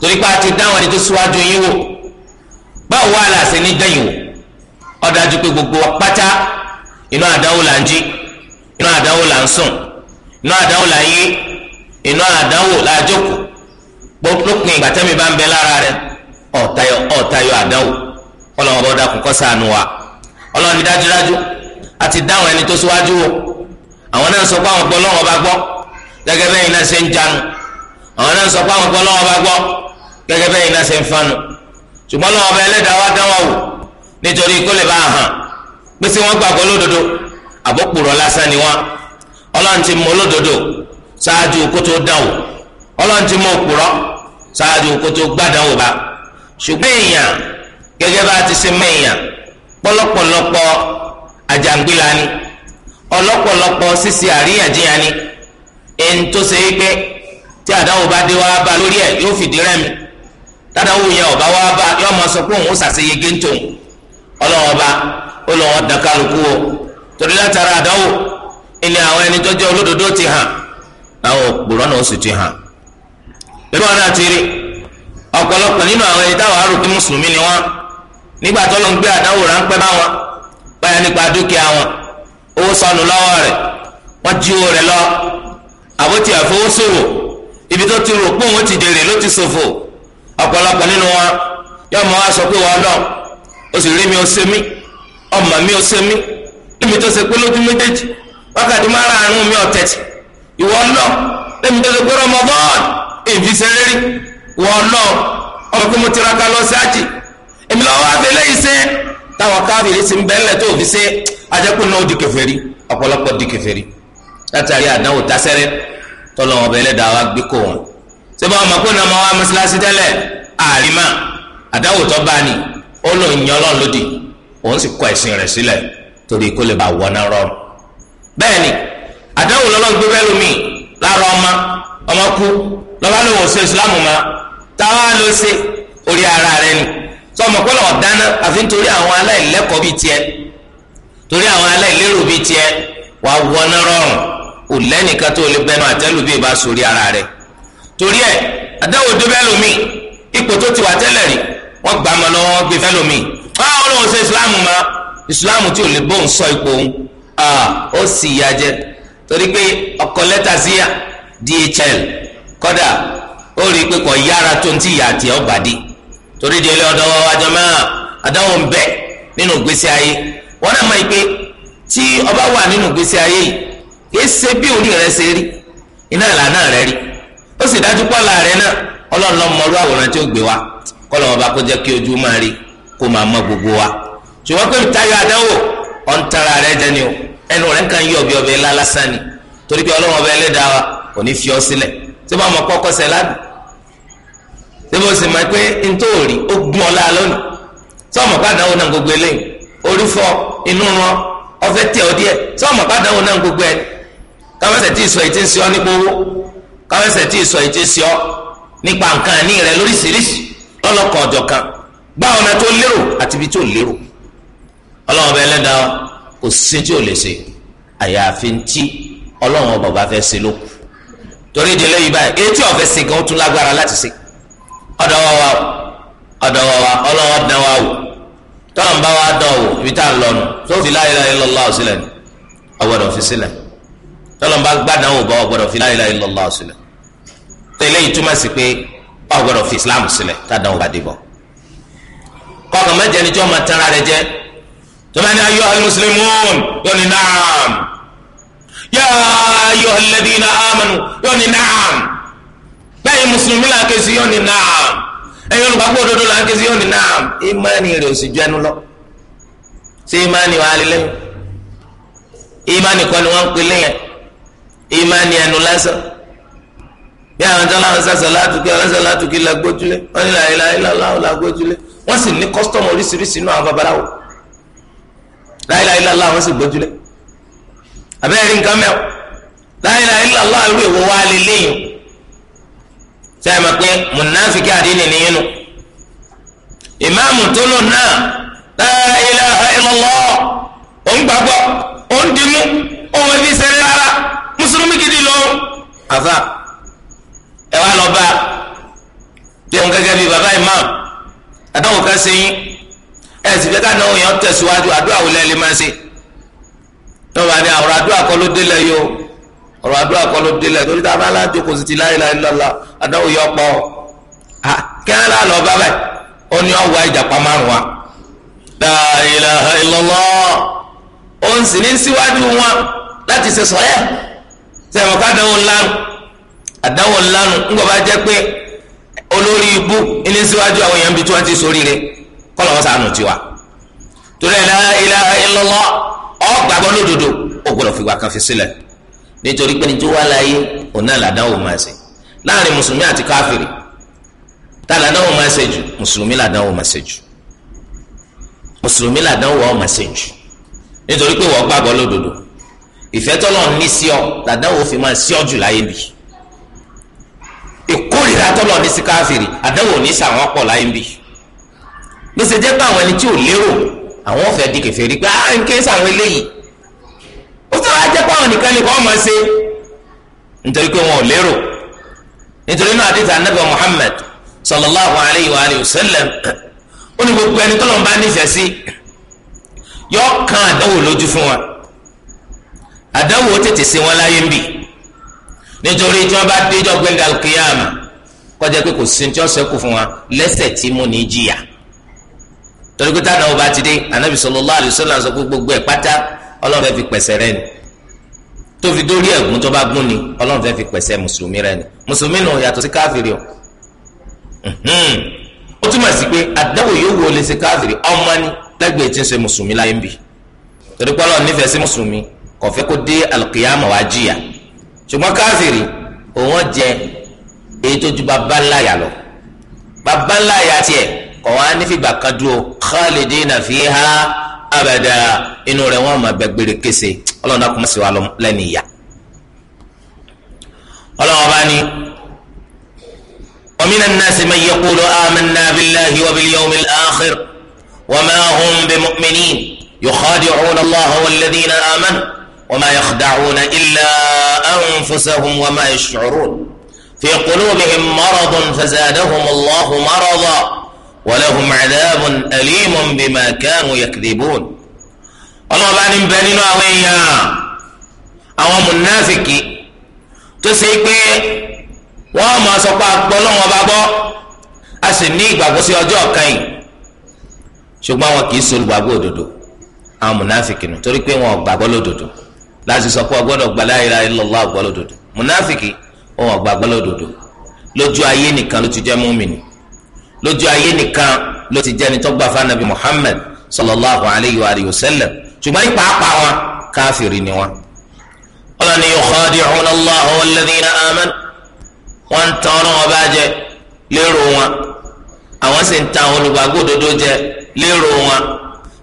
S1: torí pé a ti dáwọn ẹni tó síwájú yín wò báwo wà láàṣẹ ní dẹ́yìn wò ó dájú pé gbogbo wa pátá inú àdánwò là ń jí inú àdánwò là ń sùn inú àdánwò là ń yí inú àdánwò là ń jókòó gbogbo ìgbà tẹ́mi bá ń bẹ lára rẹ ọ̀tayọ ọ̀tayọ àdáwò ọlọ́run ọba ọ̀dàkùn kọ́ sànù wa ọlọ́run dájúdájú àti dáhùn ẹni tó síwájú wò àwọn náà sọ pé àwọn gbọ́ lọ́wọ́ bá gbọ́ gẹ́gẹ́ bẹ́ẹ̀ iná ṣe ń janu àwọn náà sọ pé àwọn gbọ́ lọ́wọ́ bá gbọ́ gẹ́gẹ́ bẹ́ẹ̀ iná ṣe ń fanu ṣùgbọ́n lọ́wọ́ bá ẹlẹ́dàá hàn pé sí gbàgbọ́ lódodo ọlọ́run ti mú òpùrọ́ ṣáájú kótó gbàdánwò bá ṣùgbọ́n èèyàn gẹ́gẹ́ bá ti ṣe mẹ́yàn pọ́lọ́pọ̀lọpọ̀ àjàngbìlà ni ọlọ́pọ̀lọpọ̀ ṣíṣe àríyànjiyàn ni ẹni tó ṣe é pé tí àdánwò bá dé wá bá lórí ẹ̀ yóò fìdí rẹmi tádàwò yẹn ọba wá bá yóò máa sọ pé òun ó ṣàṣeyege ń tòun ọlọ́wọ́ bá ó lọ́wọ́ dàkálùkù o torí látara àdánwò ilé àwọn ẹni tó jẹ́ olódodo ti hàn àwọn òpùrọ́ náà sì ti hàn. ebe ọ̀nà na-achịrị. ọ̀pọ̀lọpọ̀ nínú àwọn ẹni táwọn arúgbó mùsùlùmí ni wọ́n nígbà tó ló ń gbé àdáwò ráńpẹ́ bá wọn báyà nípa dúkìá wọn owó sọnù lọ́wọ́ rẹ̀ wọ́n jí owó rẹ̀ lọ àbótí àfowósòwò ibi tó ti rò pé òun ti dèrè ló ti ọ̀pọ̀lọpọ̀ nínú wọn o sì rí mi ṣe mí ọmọ mi ṣe mí tó ṣe pé lójú méjèèjì wákàtí márùn-ún mi èmi sẹ́rẹ́ rí wọ́n lọ ọ̀rọ̀ pé mo ti raka lọ sí àjì èmi lọ́wọ́ abẹ́lẹ́ yìí sẹ́ táwọn káfíìrì sì ń bẹ́ẹ̀lẹ̀ tó fi sẹ́ ajẹ́kùn náà ó di kèfèrí ọ̀pọ̀lọpọ̀ di kèfèrí látàrí àdánwò tásẹ́rẹ́ tọ́lọ́wọ́n bẹ́ẹ̀lẹ́ dà wá gbé kó wọn. ṣé báwọn ọmọ kóńdà máa wá mọ́ṣáláṣí tẹ́lẹ̀ àrímà àdánwò tó bá ní ó lò ń ọlọ́run lódì òun lọ́ba ló wò so ìsìlámù ma táwa ló ṣe orí ara rẹ ni sọmọ pé lọ́ọ̀ dáná àfi nítorí àwọn aláìlẹ́kọ̀ọ́ bíi tiẹ̀ torí àwọn aláìlérò bíi tiẹ̀ wà wọná rọrùn kò lẹ́nìkan tó lè bẹnu àtẹ́lù bí ìbá sórí ara rẹ torí ẹ àdáwò dóbẹ́ lomi ipò tó ti wà tẹ́lẹ̀ rí wọ́n gbà mọ́ lọ́wọ́ gbé fẹ́ lomi báwo ló wò so ìsìlámù ma ìsìlámù tí ò lè bóun sọ ipò òun ó sì yà jẹ torí pé ọkọ̀ lẹ́tà síyà DHL kódà ó rí i pé kò yára tó ń tí ìyá àti ọgbà dé torí di ilé ọdọ wa wájọ máa ń nínú ayé wọn náà máa pé tí ọba wà nínú ìgbésí ayé yìí kì í ṣe bí orí rẹ ṣe rí iná ìlànà rẹ rí ó sì dájú pọ́lá rẹ náà ọlọ́run lọ́mọ ọlú àwòrán wa kó jẹ́ kí ojú máa rí kó gbogbo wa ṣùgbọ́n pé tara rẹ jẹ ni o ẹnu rẹ kàn yí ńlá lásán ni ọ tí wọ́n mọ̀ kọ́kọ́ sẹ́ ládùn tí wọ́n sì mọ̀ pé ntòòrí ó gún ọ láà lónìí tí wọ́n mọ̀ pé àdáwò náà gbogbo eléyìí orí fọ́ inú wọn ọfẹ́ tẹ̀ ọ́ díẹ̀ tí wọ́n mọ̀ pé àdáwò náà gbogbo ẹni kámẹ́sẹ̀ tí ìsọ̀ ètí ń sọ nípa owó kámẹ́sẹ̀ tí ìsọ̀ ètí ń sọ nípa nǹkan àní rẹ lóríṣiríṣi lọ́lọ́kan ọ̀jọ̀kan gbá ọ̀nà tó lérò àti ibi tó lérò ọlọ́run ọba ẹlẹ́dàá kò sí tí ò lè ṣe àyàfi ń tí ọlọ́run ọba fẹ́ ṣe lókun torí ìdílé yìí báyìí etí ọ̀fẹ́ sí gan tún lágbára láti ṣe ọ̀dọ̀ wa wa ọ̀dọ̀ wa wa ọlọ́wọ́ dán wa wò tọ́lọ̀n bá wa dán wò ibi tá à ń lọ nù tó fi la ilaha illallah sílẹ̀ ni ọgbọ́dọ̀ fi sílẹ̀ tọ́lọ̀n bá gbàdán wò bá ọgbọ́dọ̀ fi la ilaha illallah sílẹ̀ tẹ́lẹ̀ yìí túmọ̀ sí pé ọgbọ́dọ̀ fi Islam sílẹ̀ tádàn wò bá dìbọ̀ bá ní yá ayọ̀ alladhina amanu yóò ní naam bẹ́ẹ̀ mùsùlùmí là ń ké sí yóò ní naam ẹ̀yin olùkọ́ òdodo là ń ké sí yóò ní naam ìmánì rẹ̀ ò sì ju ẹnu lọ ṣé ìmánì wà á lé lẹ́yìn ìmánì kan ni wọ́n ń pè lẹ́yìn ìmánì ẹnu lásán bí àwọn tó láwọn sàṣà látùkí àwọn sàṣà látùkí la gbójúlé wọn ní làyè láyè láwọn la gbójúlé wọn sì ní kọ́sítọ́mù oríṣiríṣi náà àwọn babaláwo láyè láyè láwọn sì gbójúlé abẹ́rẹ́ nǹkan mẹ́wọ́ la ilaha illallah irú èwo wa lè léyìn sẹ́yìn mọ̀ pé mùnàfíkì àdínì nìyẹn nu ìmáàmù tó lò náà la ilaha illallah òun gbàgbọ́ òun dìmú òun ẹbí sẹ́rẹ́ rárá mùsùlùmí gidi lọ. àfa ẹ wá lọ bá bí òun gẹ́gẹ́ bíi bàbá ìmáàmù àdáwò ká sẹ́yìn ẹ̀ sì fẹ́ ká náà òun yẹn tẹ̀síwájú àdúrà máa ṣe. yọba ni ọ̀rọ̀ àdúrà kọ́ ló délẹ̀ yìí o ọ̀rọ̀ àdúrà kọ́ ló délẹ̀ torí tá a bá láti kò sì ti láyé láyé lọ́la àdáwò yọ pọ̀ kẹ́hìn náà lọ bá bẹ́ẹ̀ ó ní márùn wa la ilaha ó ń sì ní síwájú wọn láti ṣe sọ́yẹ́ sẹ́wọ̀n ká dáwọ́ ńlánu àdáwọ̀ ńlánu ńgbọ́ bá pé olórí ibú ní síwájú àwọn èèyàn bíi tí ti ọgbàgbọ́ lódodo ó gbọ́dọ̀ fìgbà kan fi sílẹ̀ nítorí pé ní tó wá láyé òun náà làdánwò máa ṣe láàrin mùsùlùmí àti káfìrì tá làdánwò máa ṣe jù mùsùlùmí làdánwò máa ṣe jù mùsùlùmí làdánwò ọ̀ máa ṣe jù nítorí pé wọ́n gbàgbọ́ lódodo ìfẹ́ tọ́lọ̀ ní sí ọ làdánwò fi máa sí ọ jù láyé bì ìkórìíra tọ́lọ̀ ní sí káfìrì àdánwò ní sàwọn pọ̀ láyé bì ló àwọn ò fẹ́ di kẹfẹ́ rí pé ah n kéésì àwọn eléyìí ó sọ wá jẹ́ pé àwọn nìkan ni kò máa ṣe nítorí pé wọn ò lérò nítorí náà àdìsí anábẹ́ Muhammad sallallahu alayhi wa alayhi wa sallam ó ní gbogbo ẹni tọ́lọ́ bá nífẹ̀ẹ́ sí yọ kan àdánwò lójú fún wa àdánwò tètè sí wọn láyé ń bì nítorí tí wọn bá dé jọ gbẹngàl kìyàmà kọjá pé kò sí ní tí wọn ṣẹ́kù fún wa lẹ́ṣẹ̀ tí mo ní jìyà torí pé táwọn ọba ti dé anabi sallallahu alaihi wasallam sọ pé gbogbo ẹ̀ pátá ọlọ́run fẹ́ fi pẹ̀sẹ̀ rẹ ni tó fi dórí ẹ̀gún tó bá gún ni ọlọ́run fẹ́ fi pẹ̀sẹ̀ mùsùlùmí rẹ ni mùsùlùmí nù yàtọ̀ sí káfíìrì o ó túmọ̀ sí pé àdáwò yóò wo lè ṣe káfíìrì ọmọ ni lẹ́gbẹ̀ẹ́ tí ń ṣe mùsùlùmí láyé ń bì torí pé nífẹ̀ẹ́ sí mùsùlùmí kò fẹ́ kó dé alùkìyàmọ̀ wá jìyà ṣùgbọ́n káfíìrì òun jẹ èyí tó ju bàbá lọ bàbá tiẹ̀ kọ̀ wá ní fìgbà kan dúró khalidina fiha abada inú rẹ̀ wọ́n máa bẹ gbére kése ọlọ́run náà kò má sì wà lẹ́nu ìyá. ọlọ́run bá ní wa minan nasi man yaqulu amanna billahi wa bil yawmil akhir wa ma hum bimu'minin yukhadi'una Allah walladhina amanu wa ma yakhda'una illa anfusahum wa ma yash'urun fi qulubihim maradun fazadahum Allahu marada.
S2: walahum adhabun alimun bima kanu
S1: yakdhibun ọlọ́ọ̀bá ní bẹ nínú àwọn èèyàn àwọn mùnáfìkì tó ṣe pé wọ́n máa sọ pé àgbọ̀ lọ́wọ́n bá gbọ́ a sì ní ìgbàgbọ́ sí ọjọ́ kan yìí ṣùgbọ́n wọn kì í ṣe olùgbàgbọ́ òdodo àwọn mùnáfìkì nù torí pé wọn ò gbàgbọ́ lódodo láti sọ pé ọgbọ́dọ̀ gbà la ilaha illallah àgbọ́ lódodo mùnáfìkì wọn ò gbàgbọ́ lódodo lójú ayé nìkan ló ti jẹ́ múmìnì
S2: lójú ayé nìkan
S1: ló ti jẹ́ni tó gbà fún anabi muhammed sallallahu alayhi wa sallam ṣùgbọ́n ní pàápàá wọn káfìrí ni wọn. ọlọ́ni yukhadi'una Allaha walladhina amanu wọ́n ń tan ọlọ́run ọba jẹ lérò wọn àwọn sì ń tan olùgbàgbọ́ òdodo jẹ lérò wọn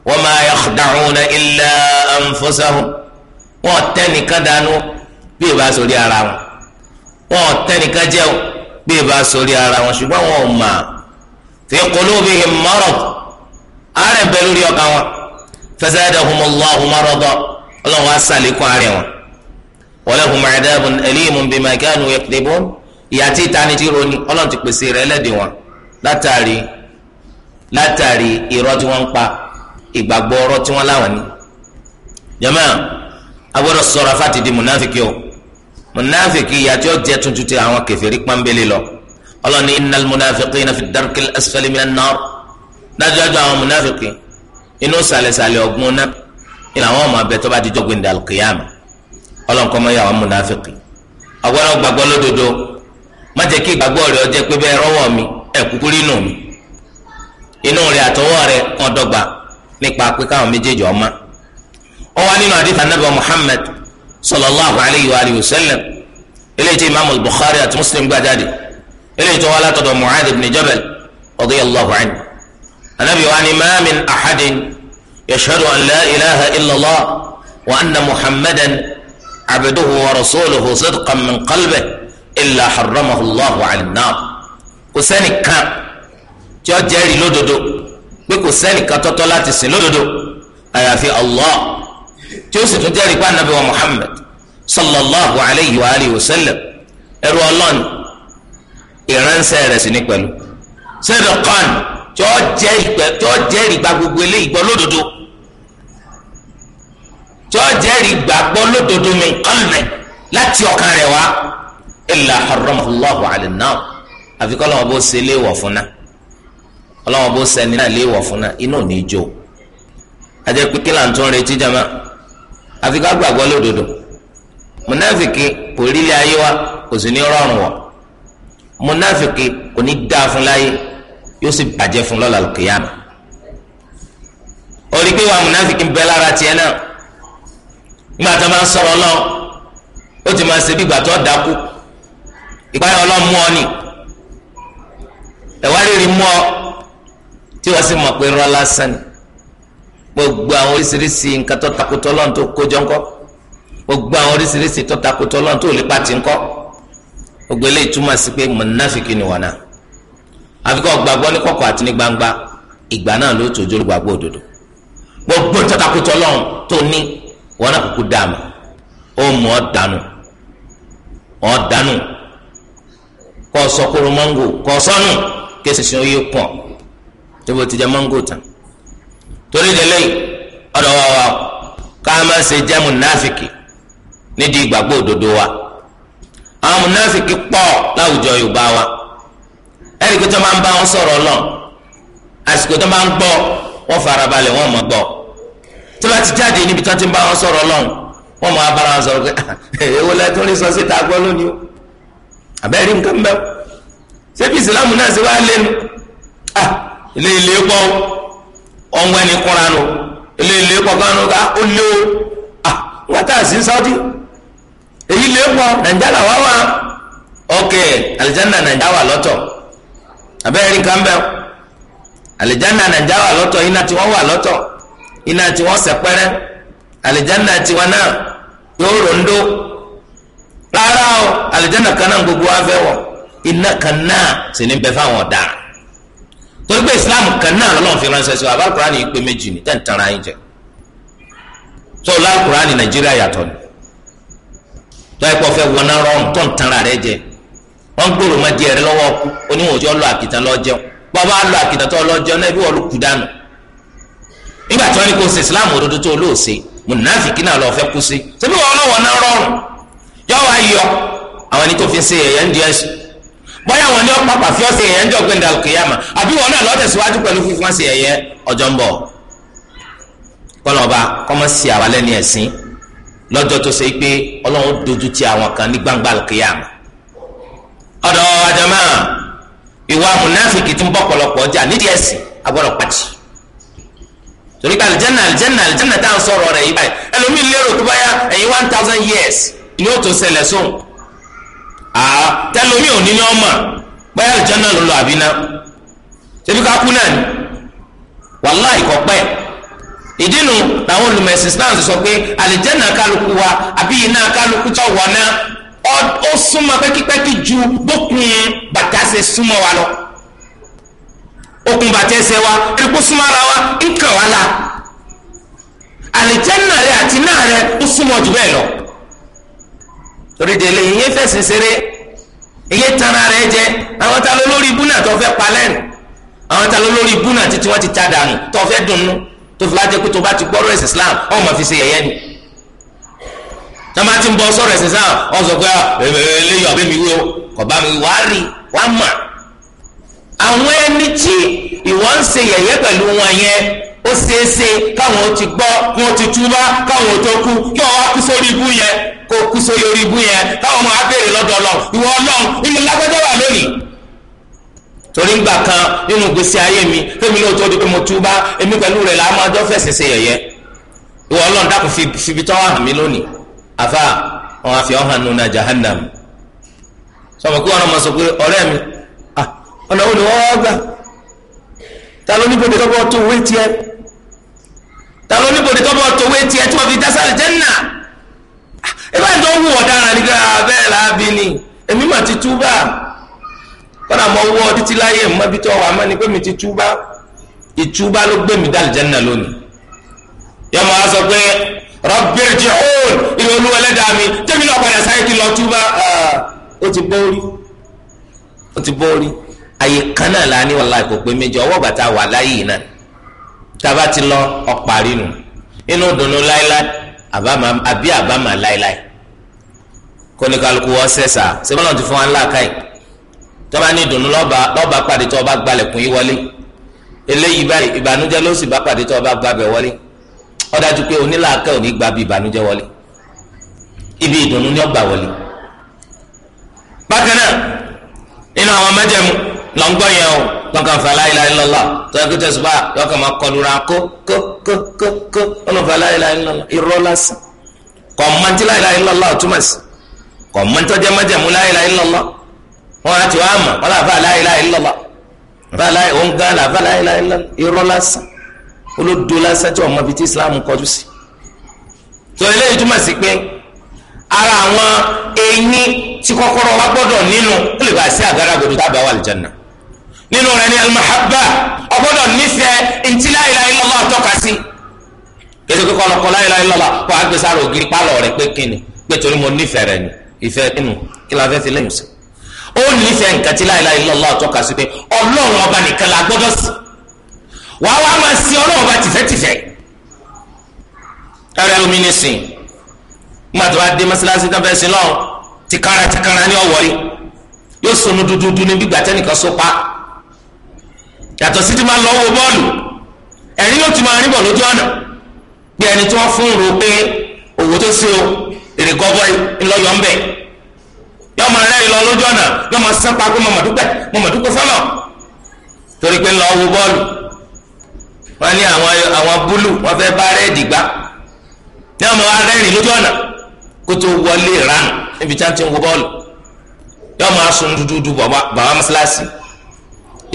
S1: wa ma yakhda'una illa anfusahum wọn tẹ́nìkan dànù bí ìbá sórí ara wọn wọn tẹ́nìkan jẹun bí ìbá sórí ara wọn ṣùgbọ́n wọn máa fi qulubihim marad àárẹ̀ bẹ lórí ọkàn wọn fazadahumullahu marada ọlọ́run á sàlékún àárẹ̀ wọn walahum adabun alimun bima kanu yaktibun ìyà tí ìtani ti roni ọlọ́run ti pèsè rẹ̀ lẹ́dẹ̀ wọn látàrí látàrí irọ́ tí wọ́n ń pa ìgbàgbọ́ ọ̀rọ̀ tí wọ́n láwọn ni. jama agbọ́dọ̀ sọ̀rọ̀ afáti di munafiki o munafiki ìyà tí tuntun ti àwọn kèfèrí pọ́nbélé lọ ọlọ́ni innal munafiqina fi darkil asfali minan nar dájúdájú àwọn munafiki inú sàlẹ̀sàlẹ̀ ọ̀gbun náà ìlà àwọn ọmọ abẹ tó bá dijọ́ gbẹ̀ndẹ̀ alukiyama ọlọ́nkọ́ mọ́ yàwọn munafiki ọgbọ́n gbàgbọ́ lódodo má jẹ́ kí ìgbàgbọ́ rẹ ọjẹ́ pé bẹ́ẹ̀ rọ́wọ́ mi ẹ̀ kúkúrú inú mi inú rẹ àtọwọ́ rẹ kàn dọ́gba nípa pé káwọn méjèèjì ọmọ ọ wá nínú àdìsí anábẹ́ Muhammad sallallahu alayhi wa sallam eléyìí tí imaamu Bukhari àti Muslim gbàjáde eléyìí tó wá látọ̀dọ̀ Mu'adh ibn Jabal radiyallahu anhu anabi wa ni ma min ahadin yashhadu an la ilaha illallah wa anna muhammadan abduhu wa rasuluhu sidqan min qalbihi illa haramahu allahu ala an-nar kò sẹ́ni kan tí ó jẹ́rìí lódodo pé kò sẹ́ni kan tọ́tọ́ láti sìn lódodo àyàfi allah tí ó sì tún jẹ́rìí pé anabi wa muhammad sallallahu alayhi wa alihi wa sallam ẹrú ọlọ́ni ìránṣẹ́ rẹ̀ sí ní pẹ̀lú sẹdọkàn tí ó jẹ ìgbẹ tí ó jẹ ìgbà gbogbo eléyìí gbọ́ lódodo tí ó jẹ ìgbà gbọ́ lódodo mi kàn rẹ láti ọkàn rẹ̀ wá ilà haramahulahu alinna àfi kọ́ lọ́wọ́ bó ṣe léèwọ̀ fún náà ọlọ́wọ́ bó sẹni náà léèwọ̀ fún náà iná ò ní í jó ajẹ́ pé kí ń tún retí jama àfi ká gbàgbọ́ lódodo mùnáfìkì kò rí ilé ayé wa kò sì ní rọrùn wọ̀ munafiki kò ní dáa fún láyé yóò sì bàjẹ́ fún lọ́la kìyàmù orí pé wàá munafiki bẹ́ẹ̀ lára tiẹ̀ náà nígbà tó máa ń sọ̀rọ̀ lọ ó ti máa ṣe bí ìgbà tó dákú ìpáyà ọlọ́run mú ọ ni ẹ̀wá rírì mú ọ tí wọ́n sì mọ̀ pé irọ́ lásán ni gbogbo àwọn oríṣiríṣi nǹkan tó takùtọ̀ lọ́n tó kójọ ńkọ́ gbogbo àwọn oríṣiríṣi tó takùtọ̀ lọ́n tó lè pàtì ńkọ́ gbogbo eléyìí túmọ̀ sí pé mọ̀nàfíkì ni wọ́n náà àfikọ́ gbàgbọ́ ní kọ̀kọ̀ àti ní gbangba ìgbà náà ló tòjú olùgbàgbọ́ òdodo gbogbo tọ́takùtọ̀ lọ́hùn tó ní wọ́n náà kúkú dààmú ó mú ọ dànù ọ dànù kọ́ sọkúrú mọ́ngò kọ́ sọ́nù kéṣe ṣe oyè pọ̀ tó bó ti jẹ mọ́ngò tán torí délé ọ̀dọ̀ wa ká má ṣe jẹ́ mọ̀nàfíkì nídìí ìgbàgbọ́ òdodo wa. àwọn múnáfìkì pọ̀ láwùjọ yorùbá wa ẹ̀rí pé tó máa ń bá wọn sọ̀rọ̀ lọ àsìkò tó máa ń gbọ́ wọn farabalẹ̀ wọn máa gbọ́ tó bá ti jáde níbi tó ti ń bá wọn sọ̀rọ̀ lọ wọn máa bára wọn sọ̀rọ̀ pé èwo lẹ́tọ́ ní sọ síta gbọ́ lónìí o àbẹ́rẹ́ nǹkan bẹ́ẹ̀ ìsìlámù ah ilé ilé o wọ́n tà sí sáwọ́dí. èyí lè pọ̀ nàìjà làwọn wà ok alijanna nàìjà wà lọ́tọ̀ abẹ́rẹ́ nǹkan bẹ́ẹ̀ alijanna nàìjà wà lọ́tọ̀ iná tiwọn wà lọ́tọ̀ iná tiwọn sẹpẹrẹ alijanna tiwọn náà yóò rondo rárá o alijanna kan náà gbogbo wa fẹ́ wọ̀ iná kan náà sì ní bẹ fáwọn ọ̀daràn torí pé islam kan náà lọ́lọ́run fi ránṣẹ́ sí wa abá kúránì yìí pé méjì ní tẹ̀ ń yín jẹ so lákùránì nàìjíríà yàtọ̀ ni báyìí kò fẹ́ wọná rọrùn tó ń tanra rẹ jẹ wọn gbòòrò má di ẹrẹ lọ́wọ́ ọkú oníwọ̀n tí wọ́n lọ àkìtàn lọ jẹun bàbá lọ àkìtàn tó lọ jẹun náà ibi wọ́n ló kú dànù nígbà tí wọ́n ní kó ṣe islam òdodo tó lóòṣe mùnàfíkì náà lọ fẹ́ kú sí síbí wọn lọ wọná rọrùn yọ wá yọ àwọn ẹni tó fi ṣe ẹ̀yẹ́ ń di ẹ̀sùn bóyá wọn ní ọ pàpà ọsẹ ẹ̀yẹ́ ń jọ gbẹ̀ndà kìyàmà àbí wọn náà lọ tẹ̀síwájú fífún ọsẹ ẹ̀yẹ́ ọjọ́ ń bọ̀ kọ́nà ọba àwa lẹ́ni ẹ̀sìn lọ́jọ́ tó ṣe pé ọlọ́run dojú ti àwọn kan ní gbangba kìyàmù ọ̀dọ̀ àjàmá ìwà múnáfìkì tún bọ́ pọ̀lọpọ̀ ọjà nídìí ẹ̀sìn agbọ́dọ̀ pàtì torí ká alìjẹ́nà alìjẹ́nà alìjẹ́nà tá à ń sọ̀rọ̀ rẹ̀ yìí báyìí ẹlòmíì lérò tó bá yá ẹ̀yìn one thousand years ni ó tó ṣẹlẹ̀ sóhun àá tẹlomi ò ní ní ọmọ báyà alìjẹ́nà ló lọ àbí ná ṣé bí ká kú náà ni wàláì kọ́ pẹ́ẹ́ ìdínú làwọn olùmẹ̀sìn islam sọ pé àlìjẹ́nà kálukú wa àbí iná kálukú tó náà ó súnmọ́ pẹ́kípẹ́kí ju bókun bàtà ṣe súnmọ́ wa lọ okùn bàtà ẹsẹ̀ wa erékó súnmọ́ ara wa ń kàn wá la àlìjẹ́nà rẹ àti náà rẹ ó súnmọ́ jù bẹ́ẹ̀ lọ tara rẹ jẹ àwọn ta ló lórí tó fi wá jẹ́ pé tó bá ti gbọ́rọ̀ ẹ̀sìn islam ọ̀ máa fi ṣe yẹ̀yẹ́ ni tọ́mà ti ń bọ́ sọ̀rọ̀ ẹ̀sìn islam ọ̀ sọ pé ah, eléyìí ọ̀bẹ mi wí o kò bá mi wá rí wá mà àwọn ẹni tí ìwọ ń ṣe yẹ̀yẹ́ pẹ̀lú wọn yẹn ó ṣeéṣe káwọn ti gbọ́ kí wọ́n ti túbá káwọn tó kú kí wọ́n wá kú sórí ibú yẹn kó kú sórí ibú yẹn káwọn máa béèrè lọ́dọ̀ ìwọ Ọlọ́run ìmúlágbẹ́jọ́ wà lónìí torí ngbà kan nínú gbèsè ayé mi fẹmi náà tó di pé mo túbá èmi pẹ̀lú rẹ̀ là á máa jọ fẹsẹ ṣe yẹ̀yẹ́ ìwọ Ọlọ́run dákun fìbi tọwọ hàn mí lónìí àfa wọn àfi ọhàn nù na jahannam sọmọ kí wọn ọmọ sọ pé ọ̀rẹ́ mi ọ̀nà òní wọ́n gbà ta ló níbo de tọ́ bọ́ tó wé tiẹ̀ ta ló níbo de tọ́ bọ́ tó wé tiẹ̀ tí wọ́n fi dásá lè jẹ́nà ìbáyìí tó wù ọ̀daràn nígbà bẹ́ẹ̀ làá bí ni èmi mà ti túbà kọ́dà mọ wọ́ títí láyé mọ́bí tó wà mọ́ni pé mi ti túbá ìtúbá ló gbé mi dálì jẹ́nà lónìí yọmọ wa sọ pé Rabbi ji'un ìlú olúwa ẹlẹ́dàá mi tẹ́mi náà padà sáyé kí lọ túbá ah, ó ti bórí ó ti bórí àyè kan náà la ní wàlá kò pé méjì ọwọ́ bàtà wà láyé yìí náà tába ti lọ ọ̀parí nù inú dùnú láéláé àbí àbámà láéláé kóníkàlùkù wọ́n sẹ́sà sẹ́fọ́n náà ti fún wa ńlá káyìí tọ́ba ní ìdùnnú lọ́ba pàdé tó ọba gbalẹ̀kùn yìí wọlé eléyìí báyìí ìbànújẹ́ ló sì bá pàdé tó ọba gbabẹ̀ wọlé ó dájú pé onílàákẹ́ òní gba bí ìbànújẹ́ wọlé ibi ìdùnnú ni ọgbà wọlé. bákan náà nínú àwọn mẹ́jẹ̀mú lọ́ngbọ́n yẹn o lọ́kàn fà la ilaha illallah tọ́jú kí tẹ̀sùbà lọ́kàn máa kọlu ra kó kó kó kó kó ọlọ́fà la ilaha illallah irọ́ lásán kọ̀ mọ́ntí la ilaha wọn àti wọn àmọ́ wọn làfa aláìláì lọlá aláì òun gan làfa aláìláì lọlá irọ́ lásán olódo lásán tí ọmọ bíi ti islam kọjú sí tó eléyìí túmọ̀ sí pé ara àwọn eyín tí kọ́kọ́rọ́ wa gbọ́dọ̀ nínú ó lè bá sí àgádágodo tábà wà lìjànà nínú rẹ̀ ní alimahaba ọgbọ́dọ̀ nífẹ̀ẹ́ ntí láìláì lọlá tọ́ka sí
S2: kẹsì kọkọ lọkọ láìláì lọlá kó àgbèsà rògiri pálọ̀ rẹ̀ pé
S1: kíni pé torí mo nífẹ̀ẹ́ rẹ̀ ni ìfẹ́ nínú kí la fẹ́ fi lẹ́yìn sí ó nífẹ̀ẹ́ nǹkan tí la ilaha illallah tọ́ka sí pé ọlọ́run ọba nìkan la gbọ́dọ̀ sí wàá wàá máa sin ọlọ́run ọba tìfẹ́tìfẹ́ ẹ̀rẹ́ lómi ní sìn nígbà tó bá dé mọ́sálásí tó bẹ́ẹ̀ sin lọ́run tìkara tìkara ní ọ̀wọ́ yìí yóò sọnù dúdúdú níbi gbàtẹ́nìkan sọ pa yàtọ̀ sí ti máa lọ wo bọ́ọ̀lù ẹ̀rín ló ti máa rí bọ̀ lójú ọ̀nà bí ẹni tí wọ́n fún un rò pé òwò tó ṣe o èrè gọ́bọ́ ńlọ́yọ̀ ńbẹ̀ yọ ma rẹ lọ lójú ọ̀nà yọ ma sán pa pé mo mọ̀ dúpẹ́ mo mọ̀ dúpẹ́ fọlọ́ torí pé ń lọ wo bọ́ọ̀lù wọ́n ní àwọn àwọn búlù wọ́n fẹ́ bá rẹ́ẹ̀dì gbá yọ máa rẹ́rìn lójú ọ̀nà kó tó wọlé ìranù níbi tí wọ́n ti ń wo bọ́ọ̀lù yọ máa sun dúdú bàbá mọ́sálásì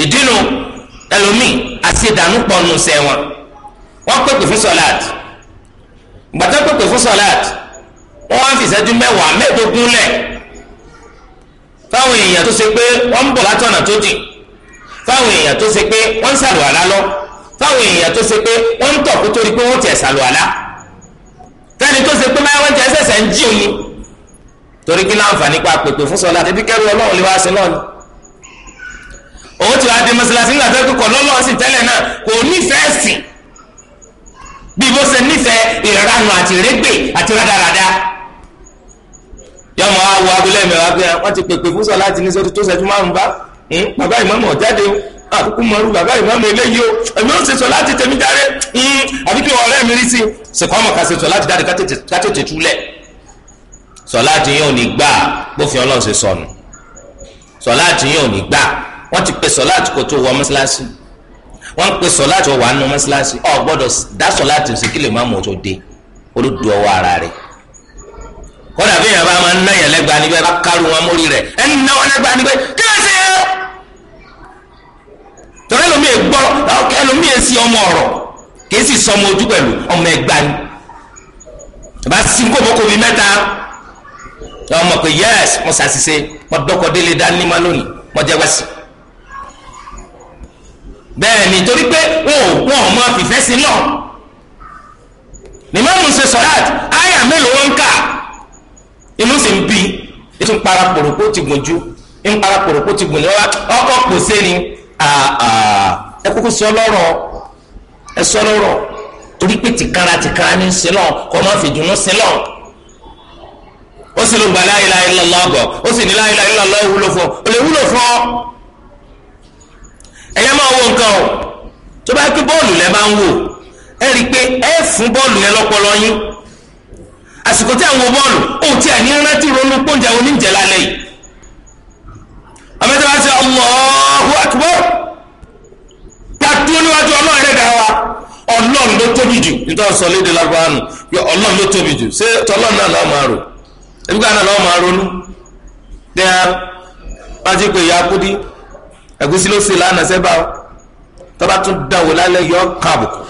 S1: ìdínú ẹlòmíì àti ìdànù pọ̀ nù sẹ́wọ̀n wọ́n fún gbàtà fún wá fi fáwọn èèyàn tó ṣe pé wọ́n ń bọ̀ látọ̀nà tó dì fáwọn èèyàn tó ṣe pé wọ́n ń ṣàlùwàlá lọ fáwọn èèyàn tó ṣe pé wọ́n ń tọ̀ kó torí pé wọ́n tiẹ̀ ṣàlùwàlá fẹ́ni tó ṣe pé máa wọ́n ti ẹsẹ̀sẹ̀ ń jí òní torí kí láǹfààní pa pèpè fún sọlá tẹbí kẹrù ọlọ́run lè wá sí náà ni òun ti wá di mọ́ṣáláṣí nígbà tó kọ̀ lọ́lọ́run sì tẹ́lẹ̀ yọọ mọ àwọn agolẹ mẹwàá pé wọn ti pèpè fún sọlá ti ní sọ tó sẹjú márùn bá bàbá ìmọ̀mọ̀ jáde o àkókò mọ̀rú bàbá ìmọ̀mọ̀ eléyìí o èmi ò ṣe sọ láti tèmi dáre àbí kí ọ̀rẹ́ mi rí sí i ṣèkọ́ ọmọ kan ṣe sọ láti dáre ká tètè túlẹ̀ sọ láti yín ò ní gbà bófin ọlọ́run ṣe sọnù sọ láti yín ò ní gbà wọ́n ti pè sọ láti kó tó wọ mọ́ṣáláṣí wọ́n pè sọ láti wà nù mọ́ṣáláṣí ọ̀ gbọ́dọ̀ dá sọ láti ṣèkílè má mọ̀ tó dé ara rẹ̀ kódà bí yàrá máa ń náyà lẹ́gba níbẹ̀ bá kárù wọn mórí rẹ̀ ẹni náwó lẹ́gba níbẹ̀ kí ló ṣe é tọ́lá ẹlòmíì gbọ́ ẹlòmíì èsì ọmọ ọ̀rọ̀ kì í sì sọmọ ojú pẹ̀lú ọmọ ẹgbà ni bá sí kóbókó mi mẹ́ta ọmọ pé yẹ́s mo ṣàṣìṣe mo dọ́kọ̀ délé dání má lónìí mo jẹ́ wẹ́sì bẹ́ẹ̀ ni torí pé wọn wọn ò mọ fìfẹ́ sí náà ni mọ́mú ṣe sọ̀rọ̀ inú sì ń bí i tún para pòròpó ti gùn ju ń para pòròpó ti gùn lọ́wọ́ ọkọ̀ pò sẹ́ni ẹ kúkú sọ lọ́rọ̀ ẹ sọ lọ́rọ̀ torí pé tìkara tìkara ní sílọ̀ kọ́ máa fi dùnú sílọ̀ ó sì ló gba la ilaha illallah bọ̀ ó sì ní la ilaha illallah wúlò fún ọ lè wúlò fún ọ ẹ̀yẹ́ máa wo nǹkan o tó bá kí bọ́ọ̀lù lẹ́ bá ń wò ẹ rí i pé ẹ fún bọ́ọ̀lù yẹn lọ́pọlọ àsìkò tí àwọn bọ́ọ̀lù ó ti àní rántí ronú pọ́ǹjà oníjẹ lálẹ́ yìí àmọ́tẹ́ ṣe níwájú rẹ̀ dára ló tóbi jù nítorí sọ léde yọ ló tóbi jù ṣé náà lọ́ọ́ máa rò náà lọ́ọ́ máa ronú a bá ti pè ya kúdí ẹ̀gúsí ló lánàá tún lálẹ́ yọ káàbùkù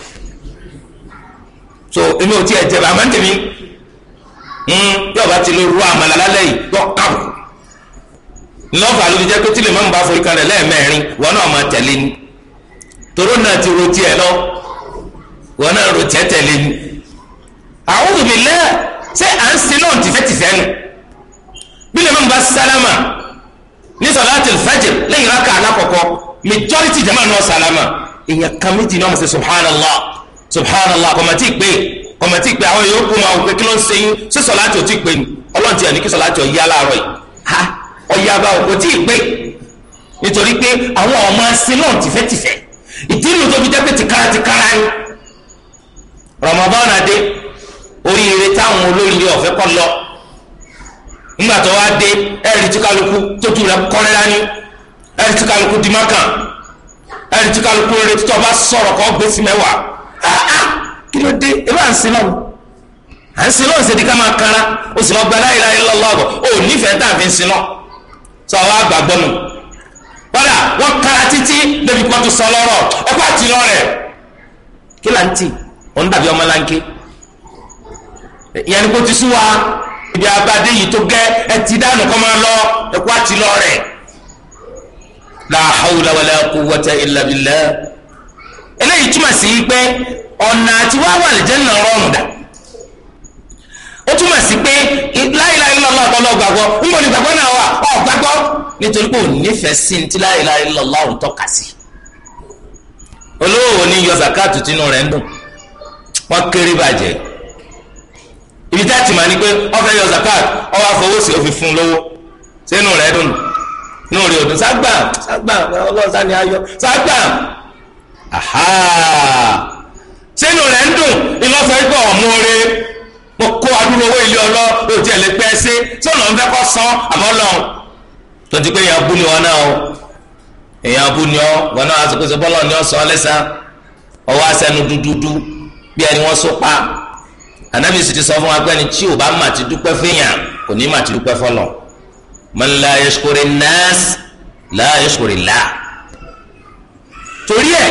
S1: so ò Hmm, bí ọba ti lè ru àmàlà lálẹ́ yìí yọ kàwé lọ́fà ló fi jẹ́ pé tí lè má ń bá forí kalẹ̀ lẹ́ẹ̀mẹ́rin wọn náà máa tẹ̀lé ni toró náà ti ro tiẹ̀ lọ wọn náà ro tiẹ̀ tẹ̀lé ni a'udhu billah ṣé à ń sin náà tìfẹ́tìfẹ́ nu bí lè má ń bá sálámà ní salatul fajr lẹ́yìn rákà alákọ̀ọ́kọ́ majority jama náà sálámà èèyàn kan méjì náà mo ṣe subhanallah subhanallah kò má ti pè é. kọ̀mọ̀tì pé àwọn yòókù máa wò pé kí ló ń sẹ́yìn ṣé sọ̀láàtì ò tí ì pé ni ọlọ́run ti ẹ̀ní kí sọ̀láàtì ọ̀yá láàárọ̀ yìí ha ọ̀yá bá kò tí ì pé nítorí pé àwọn ọmọ ẹsìn náà tìfẹ́tìfẹ́ ìdí inú tó fi jẹ́ pé tìkára tìkára ni Ramadan adé oríire táwọn kọ́ lọ nígbà tó wá dé tí kálukú tó tu rẹ̀ kọ́rẹ́ tí kálukú di mákàn tí kálukú kí ló dé ẹ bá ń sin náà à ń sin náà ṣe ni ká máa kara o sì máa gba la ilaha illallah o nífẹ̀ẹ́ tá a fi ń sin náà sọ wa gbàgbọ́ nù padà wọ́n kara títí débi pọ́tù sọ lọ́rọ̀ ọkọ̀ àti lọ́rẹ̀ kí là ń tì òun dàbí ọmọ láńké ìyẹn ni kò ti sú wa ibi abadé yìí tó gẹ́ ẹ ti dànù kọ́ máa lọ ẹ̀kọ́ àti lọ́rẹ̀ la hawla wala quwwata illa billah eléyìí túmọ̀ sí pé ọ̀nà àti wá wà lè jẹ́ rọrùn dà ó túmọ̀ sí pé láìláì lọ́lá ọ̀pọ̀lọ́ gbàgbọ́ ń gbàgbọ́ náà wà ọ̀ gbàgbọ́ nítorí pé ò nífẹ̀ẹ́ sí ní ti láìláì lọ́lá sí olówó ní yọ ibi a ti pé ọ̀fẹ́ yọ òfin fún lówó sínú sínú rẹ̀ ń dùn ìlọ́sọ̀ ikọ̀ ọ̀mọ́re
S2: mo kó adúlọ owó ilé ọlọ́ òtí ẹ̀ lè pẹ́ sí
S1: tí ọ̀nà ń fẹ́ kọ́ san àmọ́ lọ́hùn tó pé èèyàn ni wọn náà o èèyàn ni ọ wọn náà aṣọ pèsè bọ́lọ̀ ni ọ sọ lẹ́sà ọwọ́ asẹ́nu dúdúdú bí ẹni wọ́n so pa ànábì sì ti sọ fún wa pé ẹni tí ò bá mà ti dúpẹ́ fẹ́yàn kò ní mà ti dúpẹ́ fọlọ̀ man la yashkuri nas la yashkuri la torí ẹ̀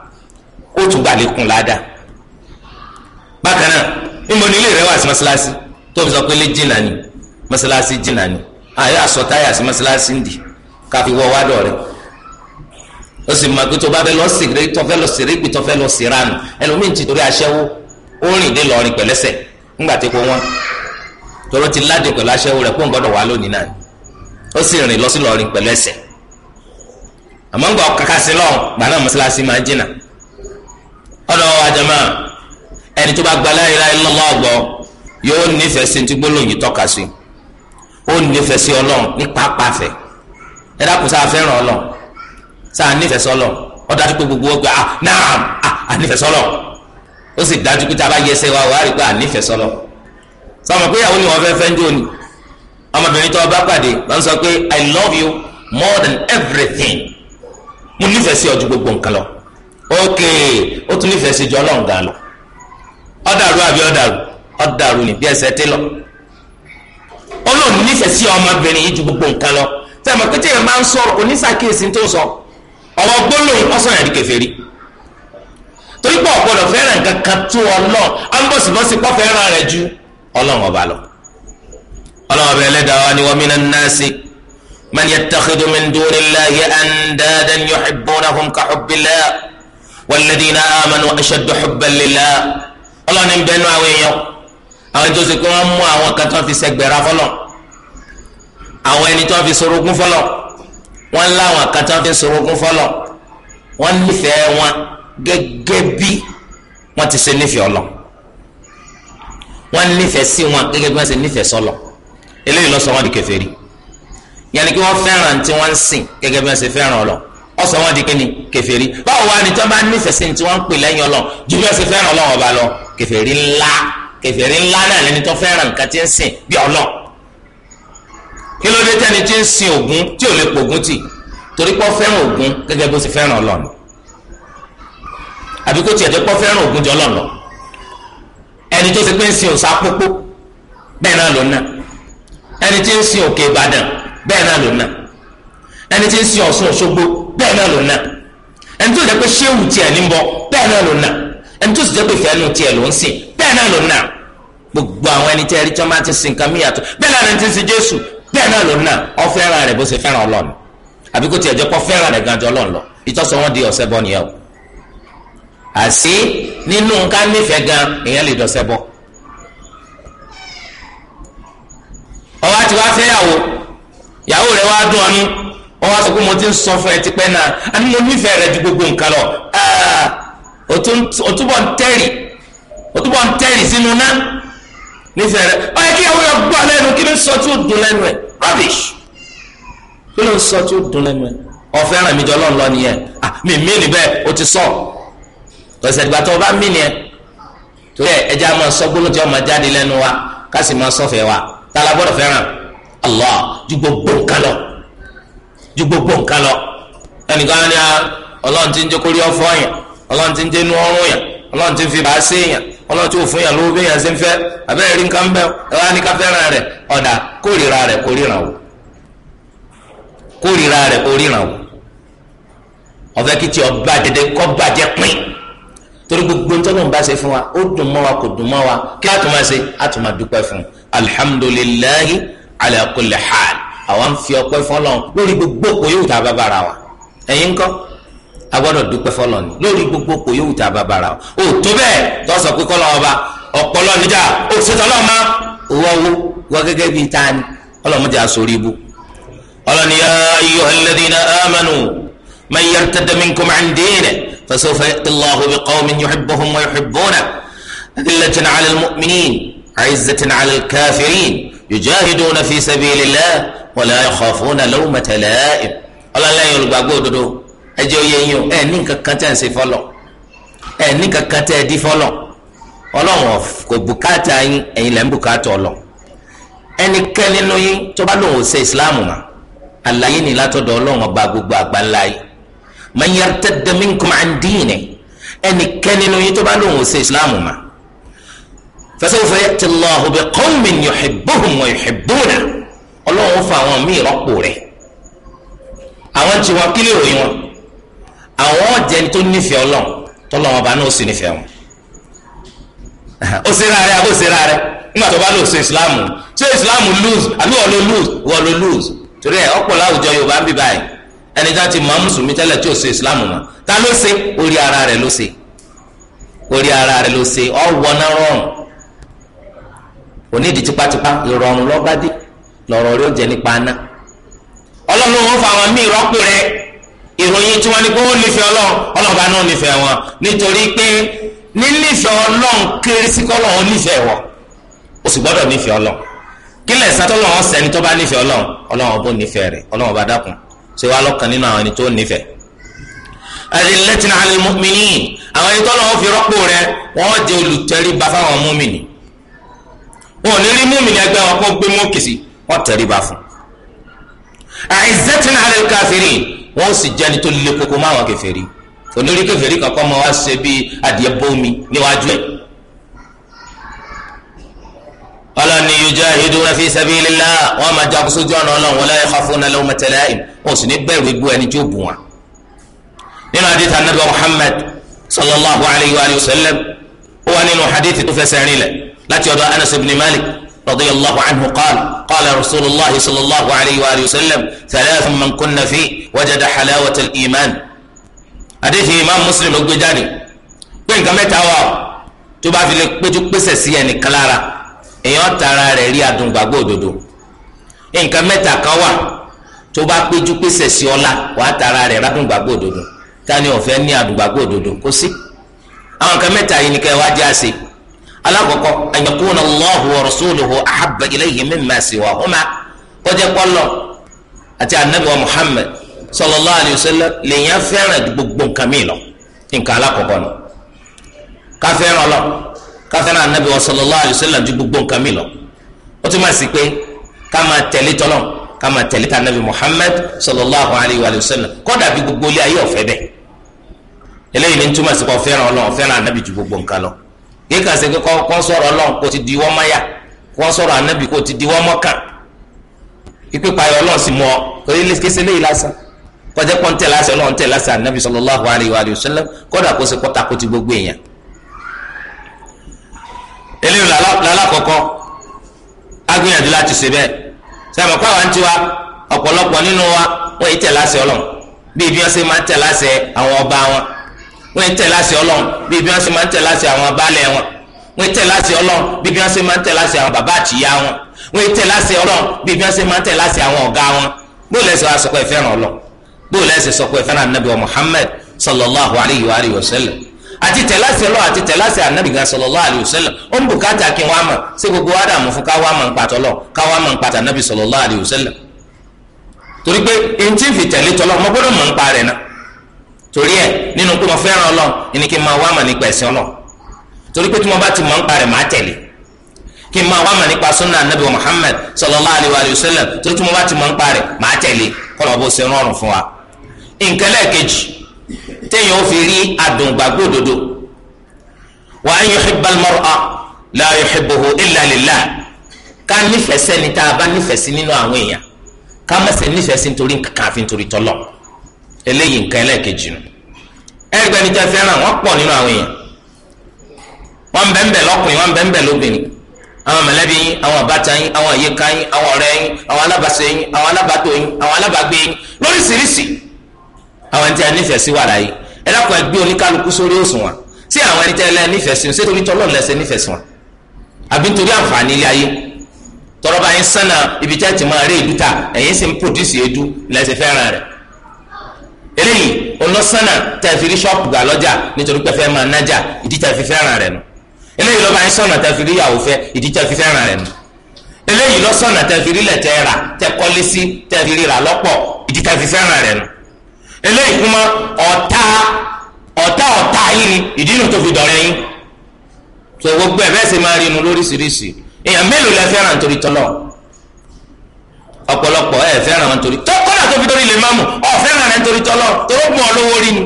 S1: ó tún gbà lékun ládàá bákan náà níbo ni ilé rẹ wà sí mọ́sálásí tó fi sọ pé lé jìnnà ni mọ́sálásí jìnnà ni àyè àsọtáyà sí mọ́sálásí ń dì káfí wọ́ wádọ̀ O si sì máa pé tó bá fẹ́ lọ sèré tó fẹ́ lọ sèré gbé tó fẹ́ lọ sèrànù ẹlòmíì ti torí aṣẹ́wó ó rìn dé lọ́ọ̀rìn pẹ̀lẹ́sẹ̀ ti ládé pẹ̀lú aṣẹ́wó rẹ̀ kó ń gbọ́dọ̀ wá lónìí náà ó sì rìn lọ sí lọ́ọ̀rìn pẹ̀lẹ́sẹ̀ àmọ́ ńgbà lọ́ọ̀ gbà náà mọ́sálásí máa jìnnà wa jama
S2: ẹni tó bá gba la ilaha
S1: illallah gbọ́ yóò nífẹ̀ẹ́ sí ti gbólóhùn yìí tọ́ka sí ó nífẹ̀ẹ́ sí ọlọ́run ní pápáfẹ́ ẹ dákun sáà fẹ́ràn ọlọ́run sáà nífẹ̀ẹ́ sọlọ́run ó dájú pé gbogbo ọgbà ah naam ah ànífẹ̀ẹ́ sọlọ́run ó sì dájú pé tá a bá yẹsẹ̀ wa wàá rí pé ànífẹ̀ẹ́ sọlọ́run sọmọ pé ìyàwó ni wọn fẹ́ fẹ́ ń jó ni ọmọbìnrin tó o bá pàdé sọ pé i love you more than everything mo nífẹ̀ẹ́ sí ọ ju gbogbo nǹkan lọ ok ó tún nífẹ̀ẹ́ sí jọlọ ń ga lọ ọdàrú àbí ọdàrú ọdàrú ni bí ẹsẹ̀ ti lọ Ọlọ́run nífẹ̀ẹ́ sí ọmọbìnrin yìí ju gbogbo nǹkan lọ tẹmọ pété yẹn máa ń sọ̀rọ̀ kò ní sàkíyèsí tó sọ
S2: ọwọ́ gbólóhùn ọsàn yẹn di
S1: kèfèrí torí pé ọ̀gbọ́dọ̀ fẹ́ràn kankan tó Ọlọ́run á ń bọ̀sibọ́sí pọ̀ fẹ́ràn rẹ̀ ju Ọlọ́run ọba lọ Ọlọ́run walladhina amanu ashaddu hubban lillah ọlọ́ni ń bẹnu àwọn èèyàn àwọn ètò ìsìnkú wọn mú àwọn kan tó fi sẹgbẹ̀rà fọlọ àwọn ẹni tó fi sorogún fọlọ wọn láwọn kan tó fi sorogún fọlọ wọn nífẹ̀ẹ́ wọn gẹ́gẹ́ bí wọ́n ti ṣe nífẹ̀ẹ́ ọlọ wọ́n nífẹ̀ẹ́ sí wọn gẹ́gẹ́ bí wọ́n ṣe nífẹ̀ẹ́ sọlọ eléyìí ló sọ wọ́n di kèfèrí
S2: yàní kí wọ́n fẹ́ràn tí
S1: wọ́n ń sìn gẹ́gẹ́ bí wọ́n ṣe fẹ́ràn ọlọ ọsọ wọn di kíni kèfèrí báwo wá ni tí wọn bá nífẹ̀ẹ́ sí tí wọn ń pè lẹ́yìn Ọlọ́run ju bí wọn ṣe fẹ́ràn Ọlọ́run ọba lọ kèfèrí ńlá kèfèrí ńlá náà lẹni tó fẹ́ràn nǹkan tí ń sìn bí Ọlọ́run kí ló dé tẹni tí ń sin Ògún tí ò lè pògún tì torí pọ́ fẹ́ràn Ògún gẹ́gẹ́ bó ṣe fẹ́ràn Ọlọ́run àbí kó tiẹ̀ jẹ́ pọ́ fẹ́ràn Ògún jọ lọ́nà ẹni tó ti pé ń sin òòṣà pópó bẹ́ẹ̀ náà ló ná ẹni tí ń sin òkè Ìbàdàn bẹ́ẹ̀ náà ló ná ẹni tí ń sin Ọ̀ṣun Òṣogbo bẹ́ẹ̀ náà ló ná ẹni tó jẹ́ pé ṣéwù tiẹ̀ ní bọ́ bẹ́ẹ̀ náà ló ná ẹni tó sì jẹ́ pé fẹ́ẹ́nu tiẹ̀ ló ń sìn bẹ́ẹ̀ náà ló ná gbogbo àwọn ẹni tí ẹrí tí wọ́n máa ti sìn kàmí yàtọ̀ bẹ́ẹ̀ náà ni ti sin Jésù bẹ́ẹ̀ náà ló ná ọ fẹ́ràn rẹ̀ bó ṣe fẹ́ràn Ọlọ́run àbí kó tiẹ̀ jẹ́ pọ́ fẹ́ràn rẹ̀ gan jọ Ọlọ́run lọ ìtọ́sọ wọn di ọ̀sẹ̀ wọ́n wá sọ pé mo ti ń sọ fún ẹ tipẹ́ náà àní mo nífẹ̀ẹ́ rẹ ju gbogbo nǹkan lọ òtúbọ̀ ah, ń tẹ̀rì òtúbọ̀ ń tẹ̀rì sínú náà nífẹ̀ẹ́ rẹ báyìí kí àwọn ọgbà lẹ́nu kí ló ń sọ tí ó dùn lẹ́nu ẹ̀ rubbish kí ló ń sọ tí ó dùn lẹ́nu ẹ̀ ọ̀fẹ́ ràn mí jọ lọ́n lọ nìyẹn ah, mi mí ni bẹ́ẹ̀ o ti sọ ọ̀sẹ̀ ìgbà tó o bá mí ni ẹ torí ẹ ẹja máa sọ gbólóhùn máa jáde lẹ́nu wa ká máa sọ fẹ́ wa tá la gbọ́dọ̀ fẹ́ràn Allah ju gbogbo nǹkan lọ. ju gbogbo lọ ẹnìkan ni ah, ọlọ́run ń jẹ́ kórí ọ̀fọ́ yẹn ọlọ́run ń jẹ́ inú ọrùn yẹn ọlọ́run ń fi bàá sí yẹn ò fún yẹn yẹn fẹ́ abẹ́rẹ́ rí nǹkan fẹ́ràn rẹ̀ ọ̀dà kórìíra rẹ̀ kórìíra wò kórìíra rẹ̀ kórìíra wò ọ̀fẹ́ kìtì ọba dẹdẹ kọ́ bàjẹ́ àwa ń fi ọpẹ́ fọ́lọ́run lórí gbogbo òpó yóò tá a bá bára wa ẹ̀yin ńkọ́ a gbọ́dọ̀ dúpẹ́ fọ́lọ́run ni lórí gbogbo òpó yóò tá a bá bára wa ò tó bẹ́ẹ̀ tó sọ pé kọlọ ọba ọpọlọ níjà ó ti tọ́lọ́ ma wọ́n wo wọ́n gẹ́gẹ́ bíi tani ọlọ́mọdé asorí ibu ọlọ́ni yá ayyuhal ladhina amanu man yartadda minkum an dinihi fasawfa ya'ti Allahu biqawmin yuhibbuhum wa yuhibbunahu أذلة على المؤمنين عزة على الكافرين يجاهدون في سبيل الله wala yakhafuna lawmata la'im ọlọ́lẹ́yìn olùgbàgbọ́ òdodo ẹ jẹ́ oyè yín o ẹ ní nǹkan kan tẹ́ ń ṣe fọlọ́ ẹ ní nǹkan kan tẹ́ ẹ dí fọlọ́ ọlọ́run kò bùkátà yín ẹ̀yin lẹ́ ń bùkátà ọlọ́ ẹnikẹ́ni nínú yín tó bá lòun ò ṣe ìsìláàmù mà àlàyé ni látọ̀dọ̀ ọlọ́run ọba gbogbo àgbáńlá yìí man yartadda minkum ẹnikẹ́ni nínú yín tó bá lòun ò ṣe ìsìláàmù mà fasawfa ya'ti Allahu bi qawmin yuhibbuhum wa yuhibbuna ọlọ́run fa àwọn míì rọ́pò rẹ̀ àwọn tí wọn kílè ròyìn wọn àwọn jẹni tó nífẹ̀ẹ́ ọlọ́run tọ́lọ́ wọn bá náà ó sì nífẹ̀ẹ́ wọn ó ṣe rárẹ̀ àbó ṣe nígbà tó bá lò ṣe islam ṣe islam lose àbí wọ́n ló lose wọ́n ló lose torí ẹ̀ ọ̀pọ̀ láwùjọ yorùbá ń bì báyìí ẹni tá ti mọ mùsùlùmí tẹ́lẹ̀ tí ò ṣe islam mọ́ ta ló ṣe orí ara rẹ̀ ló ṣe orí ara rẹ̀ ló ṣe ọ̀wọ́ náà rọrùn onídìí tipátipá ìrọ̀rùn lọ́ba lọ́rọ̀ rẹ̀ ó jẹ́ nípa aná ọlọ́run wọn fa àwọn míì rọ́pò rẹ̀ ìròyìn tí wọ́n ní pé ó nífẹ̀ẹ́ ọlọ́run ọlọ́ba náà nífẹ̀ẹ́ wọn nítorí pé nínífẹ̀ẹ́ ọlọ́run kéré sí kọ́lọ́run nífẹ̀ẹ́ wọn ó sì gbọ́dọ̀ nífẹ̀ẹ́ ọlọ́run kí lẹ̀sán tó lọ́wọ́ sẹ́ni tó bá nífẹ̀ẹ́ ọlọ́run ọlọ́run ọbọ̀ nífẹ̀ẹ́ rẹ̀ ọlọ́run ọba dákun ṣé wàá lọ́kàn nínú àwọn ẹni tó nífẹ̀ẹ́ adillatin ala almu'minin àwọn ẹni tó lọ́wọ́ fi rọ́pò rẹ̀ wọ́n jẹ́ olùtẹríba fáwọn múmìnì wọn ò ní rí múmìnì ẹgbẹ́ wọn kó gbé mọ́kìsì wọ́n tẹríba fún àìsẹ́tìní alẹ́ káfírí wọ́n sì jẹ́ni tó lé koko mọ́ àwọn kẹfẹ́rí olórí kẹfẹ́rí kankan mọ́ wá ṣe bí adìẹ bómi níwájú ẹ̀ ọlọ́ni yujahiduna fi sabilillah wọ́n máa jagun sójú ọ̀nà ọlọ́run wala yakhafuna lawmata la'im wọ́n sì ní bẹ̀rù igbó ẹni tí ó bù wọn. nínú hadith anabi muhammad sallallahu alayhi wa sallam ó wà nínú hadith tó fẹsẹ̀ rinlẹ̀ láti ọ̀dọ̀ anas ibn malik رضي الله عنه قال قال رسول الله صلى الله عليه وآله وسلم ثلاث من كنا فيه وجد حلاوة الإيمان حديث إمام مسلم الجداني كن كما توا تبا في لكبتو قصة سياني كلارا إيان تارا ريلي أدن بابو دودو إن كما تاكوا تبا قبتو قصة سيولا واتارا ريلي أدن بابو دودو تاني وفيني أدن بابو دودو كسي أما كما تايني كوا alakoko ayakun allahu wa rasuluhu ahaba ilayhi mimma siwahuma kọjá kọlọ àti anabi wa muhammad sallallahu alayhi wa sallam lèyìn fẹ́ràn gbogbo nǹkan mi lọ nǹkan alakoko ni káfẹ́ràn lọ káfẹ́ràn anabi wa sallallahu alayhi wa sallam ju gbogbo nǹkan mi lọ ó tún máa sì pé ká máa tẹ̀lé ta anabi muhammad sallallahu alayhi wa sallam kódà bí gbogbo ilé ayé ọ̀fẹ́ bẹ́ẹ̀ eléyìí ni túmọ̀ sí kó fẹ́ràn ọlọ́run fẹ́ràn anabi ju gbogbo nǹkan kìí kà sí pé kọ́ sọ̀rọ̀ ọlọ́run kò ti di wọ́n mọ́yà kọ́ sọ̀rọ̀ ànábì kò ti di wọ́n mọ́kàn ipe payọ̀ ọlọ́run sì mọ́ ọ torí kése léyìí lásán kọjá pọ́n tẹ̀ lásán ọlọ́run tẹ̀ lásán ànábì sallallahu alayhi wa sallam kọ́dà kó se pọ́ta kó ti gbogbo èèyàn. eléyìí lálàkọ́kọ́ agbóyanjú láti ṣe bẹ́ẹ̀ sẹ́mi kọ́ àwọn tiwa ọ̀pọ̀lọpọ̀ nínú wa wọ́n yìí tẹ̀ lásán ọlọ́run bí ibi wọn ṣe máa tẹ̀ lásán wọ́n tẹ̀ láṣẹ ọlọ́run bí bí wọ́n ṣe máa ń tẹ̀ láṣẹ àwọn abálẹ̀ wọn wọ́n tẹ̀ láṣẹ ọlọ́run bí bí wọ́n ṣe máa ń tẹ̀ láṣẹ àwọn bàbá àtìyá wọn wọ́n tẹ̀ láṣẹ ọlọ́run bí bí wọ́n máa ń tẹ̀ láṣẹ àwọn ọ̀gá wọn bóòlù ẹ̀sẹ̀ wa sọ pé fẹ́ràn ọlọ́ bóòlù ẹ̀sẹ̀ sọ anabi wa muhammed sallallahu alayhi wa alayhi wa sallam àti tẹ̀ láṣẹ ọlọ́run àti tẹ̀ láṣẹ anabi gan sallallahu alayhi wa sallam ó ń bùkátà kí wọ́n á mọ̀ sí gbogbo sallallahu alayhi wa sallam torí pé ntí fi tẹ̀lé tọ́lọ́ ọmọ gbọ́dọ̀ torí ẹ nínú pé mo fẹ́ràn ọlọ́run ẹni kí n máa wá mà nípa ẹ̀sìn ọlọ́run torí pé tí mo bá ti mọ̀ nípa rẹ̀ máa tẹ̀lé kí n máa wá mà nípa sunna anabi muhammed sallallahu alayhi wa sallam torí tí mo bá ti mọ̀ nípa rẹ̀ máa tẹ̀lé kọ́nà bó ṣe rọrùn fún wa. nǹkan lẹ́ẹ̀kejì téèyàn ó fi rí adùn òdodo wa an yuhibba al-mar'a la yuhibbuhu illa lillah ká nífẹ̀ẹ́ sẹ́ni tá a bá nífẹ̀ẹ́ sí nínú àwọn èèyàn ká má ṣe nífẹ̀ẹ́ sí nítorí kankan àfi nítorí tọ́lọ́ọ̀ eléyìí nǹkan ẹlẹ́ẹ̀kejì nù ẹgbẹ́ mi tẹ́ fẹ́ràn wọ́n pọ̀ nínú àwọn èèyàn wọ́n bẹ́ẹ̀ lọ́kùnrin wọ́n bẹ́ẹ̀ lóbìnrin àwọn mẹ̀lẹ́bí yín àwọn àbáta yín àwọn àyíká yín àwọn ọ̀rẹ́ yín àwọn alábàṣe yín àwọn alábàtò yín àwọn alábàgbé yín lóríṣiríṣi àwọn ẹni tí a nífẹ̀ẹ́ sí wà láyé ẹ dákun ẹ gbé oníkálukú sórí òṣùwọ̀n sí àwọn ẹni sí torí tọ́lọ́ lẹ́sẹ̀ nífẹ̀ẹ́ sí wọn àbí nítorí àǹfààní ilé ayé ibi tí a ti máa rí ta sì ń eléyìí ọlọ́sánà tẹ̀fìrí ṣọ́ọ̀pù gà lọ́jà nítorí pé fẹ́ máa nájà ìdí tẹ̀fì fẹ́ràn rẹ̀ nù eléyìí lọ́ba ẹ̀sọ́nà tẹ̀fìrí yàwó fẹ́ ìdí tẹ̀fì fẹ́ràn rẹ̀ nù eléyìí lọ́sọ̀nà tẹ̀fìrí lẹ̀ tẹ̀ rà tẹ̀ kọ́lé sí tẹ̀fìrí rà lọ́pọ̀ ìdí tẹ̀fì fẹ́ràn rẹ̀ nù eléyìí kuma ọ̀tá ọ̀tá ọ̀tá yìí ni ìdí inú tó fi dọ̀rẹ́ yín tó gbogbo ẹ̀ bẹ́ẹ̀ sì máa rí lóríṣiríṣi èèyàn mélòó lẹ fẹ́ràn torí tọ́lọ́ọ̀ ọ̀pọ̀lọpọ̀ ẹ fẹ́ràn wọn torí tọ́ kọ́dà tó fi torí lè máa mú ọ fẹ́ràn rẹ nítorí tọ́lọ́ torí gbọ́n olówó rí ni.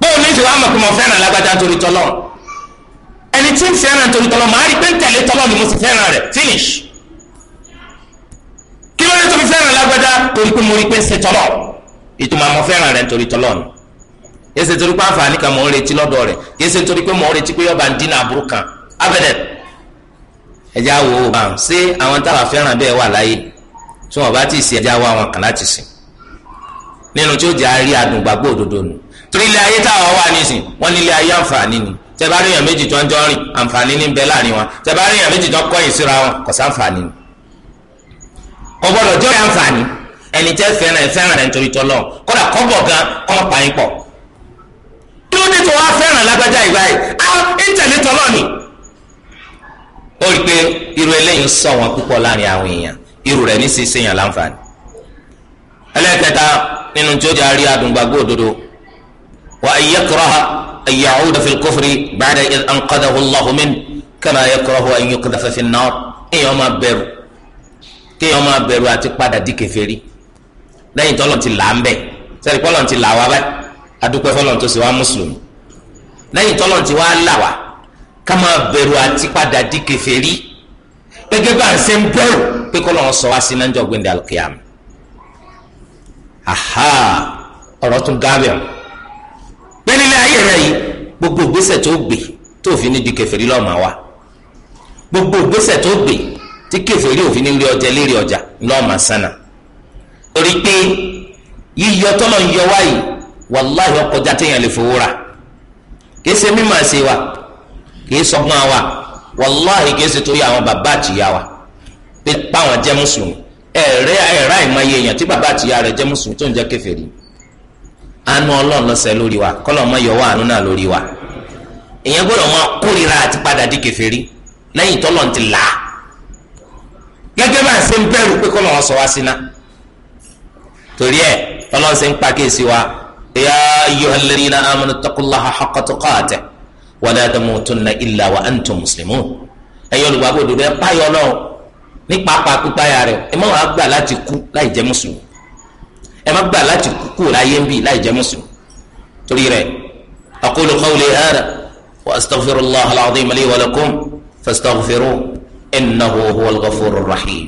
S1: bóun ní ìṣòro àmọ̀kùn mọ̀ fẹ́ràn lágbájá nítorí tọ́lọ́ ẹni tí ń fẹ́ràn nítorí tọ́lọ́ màá rí pé ń tẹ̀lé tọ́lọ́ ni mo sì fẹ́ràn rẹ̀ finish. kí ló dé tó fi fẹ́ràn lágbájá torí pé mo rí pé ń ṣe tọ́lọ́ ìtumọ̀ àmọ́ fẹ́ràn rẹ̀ nítorí tọ́lọ́ ni yẹ́sẹ̀ torí pé àǹfààní kan mò ń retí lọ́dọ̀ rẹ̀ yẹ́sẹ̀ torí pé mò ń retí pé yọba ń dín àbúrò kan abẹ́dẹ̀ ẹja wo àwọn ṣé àwọn táwa fẹ́ràn bẹ́ẹ̀ wà láyé tí wọn bá ti ṣe ẹja wo àwọn kan láti sìn nínú tí ó jẹ́ àárí adùn gbàgbọ́ òdodo nù torí ayé táwa wà nísìn wọn ní ayé àǹfààní ni tẹ bá rí èèyàn méjì tó ń jọ rìn àǹfààní ní bẹ láàrin wọn tẹ bá rí èèyàn méjì tó kọ̀yìn síra wọn kò sáǹfààní ni. kò gbọdọ̀ jọ́ ẹ̀ àǹfààní ẹni tẹ́ fẹ́ràn ẹ̀ fẹ́ràn rẹ̀ nítorí tọ́lọ̀ kódà kọ́bọ̀ gan kọ́ pa yín pọ̀. kí ló dé tó wá fẹ́ràn lágbájá ìbáyìí ah ń tẹ̀lé tọ́lọ̀ ni ó rí i pé irú eléyìí ń sọ wọn púpọ̀ láàrin àwọn èèyàn irú rẹ̀ ní sísè yàn láǹfààní. ẹlẹ́kẹta nínú tí ó di àárí adùngbàgbọ́ òdodo wa an yakraha an ya'uda fil kufri ba'da idh anqadahu Allahu min kama yakrahu an yuqdhafa fin nar èèyàn máa bẹ̀rù kéèyàn máa bẹ̀rù àti Kama máa bẹ̀rù àti padà di kèfèrí gẹ́gẹ́ bá ń ṣe ń bẹ̀rù pé kọ́ sọ wá sí náà ń jọ gbẹ̀ndẹ̀ aha ọ̀rọ̀ tún gábẹ̀ bẹ́ẹ̀ nílé ayé rẹ yìí gbogbo ìgbésẹ̀ tó gbé tó fi ní di kèfèrí lọ́ọ́ máa wá gbogbo ìgbésẹ̀ tó gbé tí kèfèrí òfin ní rí ọjà lérí ọjà lọ́ọ́ sánà torí pé yíyọ tọ́lọ̀ ń yọ wáyìí wàláhì ọkọjà téèyàn lè fowó rà kí ṣe mímọ̀ ṣe wa. kìí ị sọ wàláhì kìí ṣètò yà àwọn bàbá ya wa pé báwọn jẹ́ mùsùlùmí ẹ̀rẹ́ ẹrẹ ìmọye èèyàn tí bàbá àtìyá rẹ̀ jẹ́ mùsùlùmí tó ń jẹ́ kèfèrí àánú ọlọ́run lọ́sẹ̀ lórí wa ọmọ yọ̀wọ́ àánú náà lórí wa èèyàn gbọ́dọ̀ àti padà di ti là á bá ṣe ń pé wọn sọ wá ya wala tamutunna illa wa antum muslimun ẹ̀yin olùgbàgbọ́ òdodo ẹ páyọ Ọlọ́run ní pápá pípáyà rẹ̀ ẹ má wàá gbà láti kú láì jẹ́ mùsùlùmí ẹ má gbà láti kú kú láyé ń bì láì jẹ́ mùsùlùmí torí rẹ̀ aqulu qawli hada wa astaghfirullaha al-azim li wa lakum fastaghfiruhu rahim.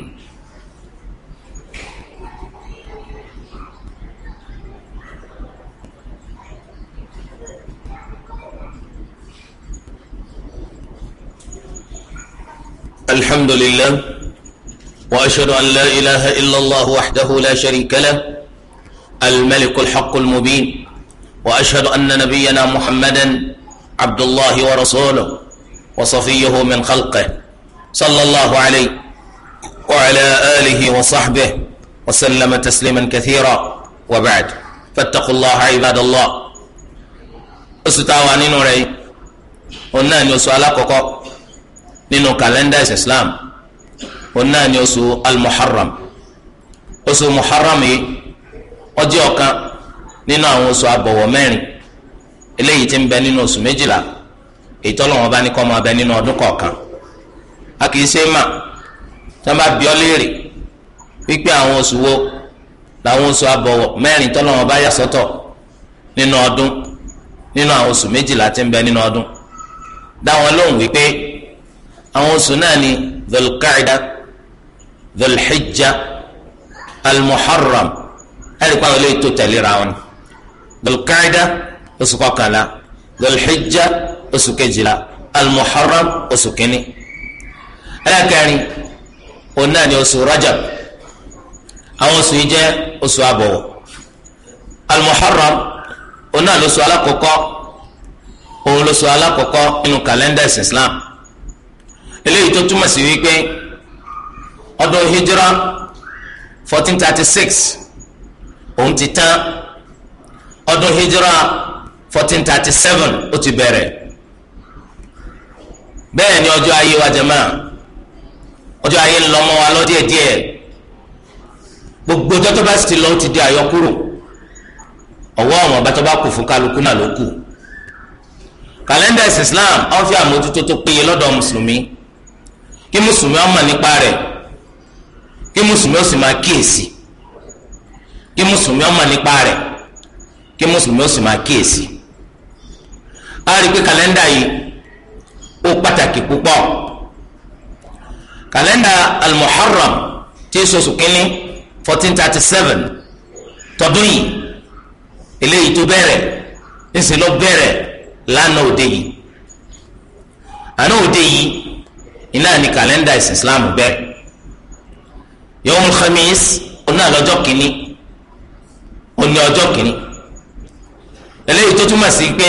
S1: الحمد لله وأشهد أن لا إله إلا الله وحده لا شريك له الملك الحق المبين وأشهد أن نبينا محمدا عبد الله ورسوله وصفيه من خلقه صلى الله عليه وعلى آله وصحبه وسلم تسليما كثيرا وبعد فاتقوا الله عباد الله أستعوانين أن نري ونان يسألكم nínú kàlẹ́ndà islam òun náà ni oṣù al-muharram oṣù muharram yìí ọ dị ọ̀kan nínú àwọn oṣù àbọ̀wọ̀ mẹ́rin eléyìí ti ń bẹ nínú oṣù méjìlá èyí tọ́lọ́wọ́n bá ní kó máa bẹ nínú ọdún kọ̀ọ̀kan a kì í ṣe mà tá a bá bi ọ́ léèrè wípé àwọn oṣù wo làwọn oṣù àbọ̀wọ̀ mẹ́rin tọ́lọ́wọ́n bá yà sọ́tọ̀ nínú ọdún nínú àwọn méjìlá ti ń bẹ nínú ọdún lóhùn àwọn oṣù náà ni dhalqaida dhalhijja almuharram ẹ̀ríkọ́ àwọn eléyìí tó tẹ̀léra wọn dhalqaida oṣù kọkànlá dhalhijja oṣù kejìlá almuharram oṣù kínní ẹlẹ́kẹrin òun náà ni oṣù rajab àwọn oṣù yìí jẹ́ oṣù àbọ̀wọ̀ almuharram òun náà lóṣù alákọ̀ọ́kọ́ òun lóṣù alákọ̀ọ́kọ́ islam eléyìí tó túmọ̀ sí wípé ọdún hijra fourteen thirty six òun ti tán ọdún hijra fourteen thirty seven ó ti bẹ̀rẹ̀ bẹ́ẹ̀ ni ọjọ́ ayé wa jẹ́ máa ọjọ́ ayé ń lọ mọ́ wa lọ díẹ̀díẹ̀ gbogbo ọjọ́ tó bá sì ti lọ ó ti di àyọkúrò ọwọ́ àwọn ọba tó bá kù fún kálukú náà ló kù kàlẹ́ndà ìsìn Islam ó fi àmójútó tó péye lọ́dọ̀ mùsùlùmí kí mùsùlùmí ó mọ̀ nípa rẹ̀ kí mùsùlùmí ó sì máa kíyèsí kí mùsùlùmí ó mọ̀ nípa rẹ̀ kí mùsùlùmí ó sì máa kíyèsí. a rí i pé kàlẹ́ndà yìí ó pàtàkì púpọ̀ kàlẹ́ndà al-muharram tí oṣooṣù kínní fourteen thirty seven tọdún yìí eléyìí tó bẹ̀rẹ̀ ńṣe ló bẹ̀rẹ̀ lánàá òde yìí àná òde yìí iná ní kàlẹ́ndà ìsìn islam bẹ́ẹ̀ yawmul khamis oní àlọ́jọ́ kìíní oní ọjọ́ kìíní eléyìí tó túmọ̀ sí pé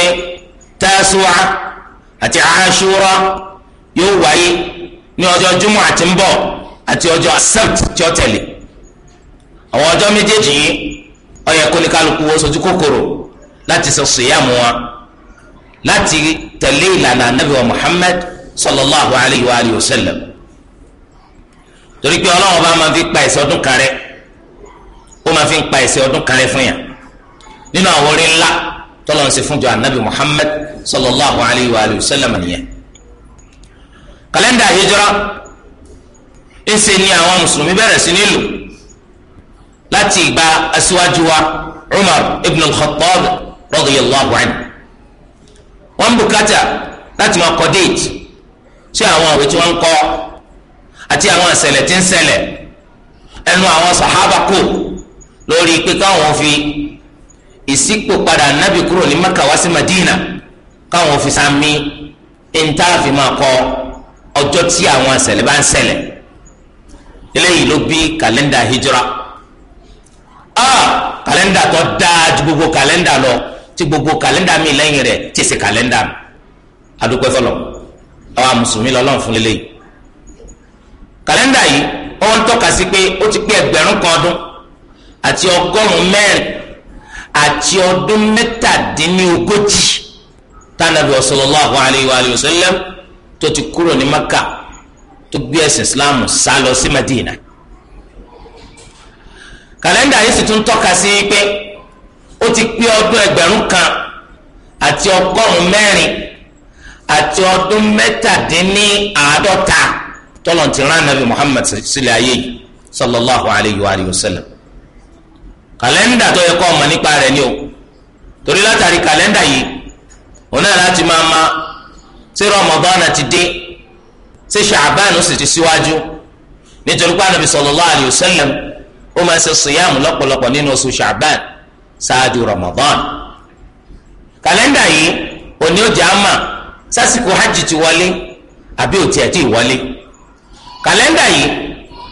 S1: tásùwà àti àṣúrà yóò wáyé ní ọjọ́ júmọ̀ àti ń bọ̀ àti ọjọ́ sept tí ó tẹ̀lé àwọn ọjọ́ méjèèjì yìí ó yẹ kó ní kálukú wo sojú kòkòrò láti sọ sùyàmù wọn láti tẹ̀lé ìlànà ànábì wa sallallahu alayhi wa alihi wa sallam torí pé ọlọ́wọ́ bá máa fi pa ẹ̀ṣẹ̀ ọdún kan rẹ ó máa fi ń pa ẹ̀ṣẹ̀ ọdún kan rẹ fún yà nínú àwọn orí ńlá tọ́lọ̀ ń ṣe fún jọ anabi muhammad sallallahu alayhi wa alihi wa sallam nìyẹn kàlẹ́ndà hijra ń ṣe ni àwọn mùsùlùmí bẹ̀rẹ̀ sí ní láti ìgbà aṣíwájú wa umar ibn al-khattab radiyallahu anhu wọn bùkátà láti máa kọ déètì. sí àwọn òwe tí wọ́n kọ àti àwọn ìṣẹ̀lẹ̀ tí ń ẹnu àwọn sàhábà kù lórí pé káwọn fi ìsìnkú padà nábì kúrò ní Mẹ́kà sí Madina káwọn fi sami ìntàfi máa kọ ọjọ́ tí àwọn ìṣẹ̀lẹ̀ bá ń eléyìí ló bí kàlẹ́ndà hijra kàlẹ́ndà tó dáa ju gbogbo kàlẹ́ndà lọ gbogbo kàlẹ́ndà mi lẹ́yìn rẹ̀ ti ṣe kàlẹ́ndà fọlọ́. àwa mùsùlùmí lọ́lọ́run fún lélẹ́yìí kàlẹ́ndà yìí ó ń tọ́ka sí pé ó ti pé ẹgbẹ̀rún kan ọdún àti ọgọ́rùn-ún mẹ́rin àti ọdún tánàbí tó ti kúrò ní maka tó gbé ẹ̀sìn islam sá lọ sí madina kàlẹ́ndà yìí sì tún tọ́ka sí pé ó ti pé ọdún ẹgbẹ̀rún kan àti ọgọ́rùn-ún àti ọdún mẹ́tàdínní àádọ́ta tọ́lọ̀ ti rán anabi muhammad sílẹ̀ ayé yìí sallallahu alayhi wa sallam kàlẹ́ndà tó yẹ kọ́ ọmọ nípa rẹ̀ ni o torí látàrí kàlẹ́ndà yìí òun náà láti máa ma ṣé rọmọdọ́nà ti dé ṣé ṣàbánu sì ti síwájú nítorí pé anabi sallallahu alayhi wa sallam ó máa ṣe ṣìyàmù lọ́pọ̀lọpọ̀ nínú oṣù ṣàbán ṣáájú rọmọdọ́nà kàlẹ́ndà yìí òní ó jẹ́ àmà sásìkò hajj ti wọlé àbí ò tiẹ̀ ti wọlé kàlẹ́ndà yìí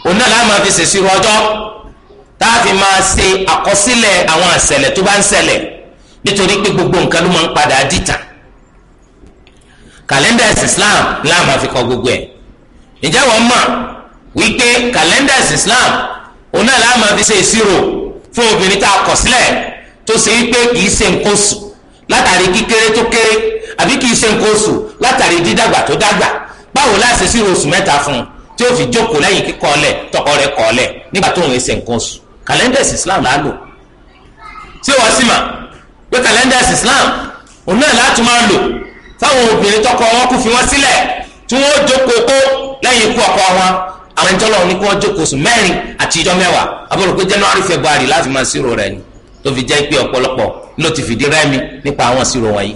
S1: òun náà láà máa fi ṣèṣirò ọjọ́ tá a fi máa ṣe àkọsílẹ̀ àwọn àṣẹlẹ̀ tó bá ń ṣẹlẹ̀ nítorí pé gbogbo nǹkan ló máa ń padà dìtà kàlẹ́ndà ẹ̀sìn Islam láà máa fi kọ gbogbo ẹ̀ ǹjẹ́ wọ́n mọ̀ wípé kàlẹ́ndà ẹ̀sìn Islam òun náà láà máa fi ṣe ìṣirò fún obìnrin tá a kọ̀ sílẹ̀ tó ṣe wípé kì í ṣe nǹkan oṣù látàrí kíkéré tó kéré àbí kì í ṣe nǹkan oṣù látàrí dídàgbà tó dàgbà báwo la ṣe sí oṣù mẹ́ta fún un tí ó fi jókòó lẹ́yìn kíkọ́ ọlẹ̀ tọkọ rẹ̀ kọ́ ọlẹ̀ nígbà tó ń ṣe nǹkan oṣù kàlẹ́ndà Islam là á lò ṣé wọ́n sì mà pé kàlẹ́ndà Islam òun náà láti máa lò táwọn obìnrin tọkọ wọn kú fi wọn sílẹ̀ tí wọ́n jókòó kó lẹ́yìn ikú ọkọ wọn àwọn ìjọ lọ́wọ́ ní kí wọ́n jókòó oṣù mẹ́rin àti ìjọ mẹ́wàá àbúrò pé January February láti máa ṣírò rẹ̀ ni tó fi jẹ́ pé ọ̀pọ̀lọpọ̀ ló ti fìdí rẹ́mi nípa àwọn ṣírò wọ̀nyí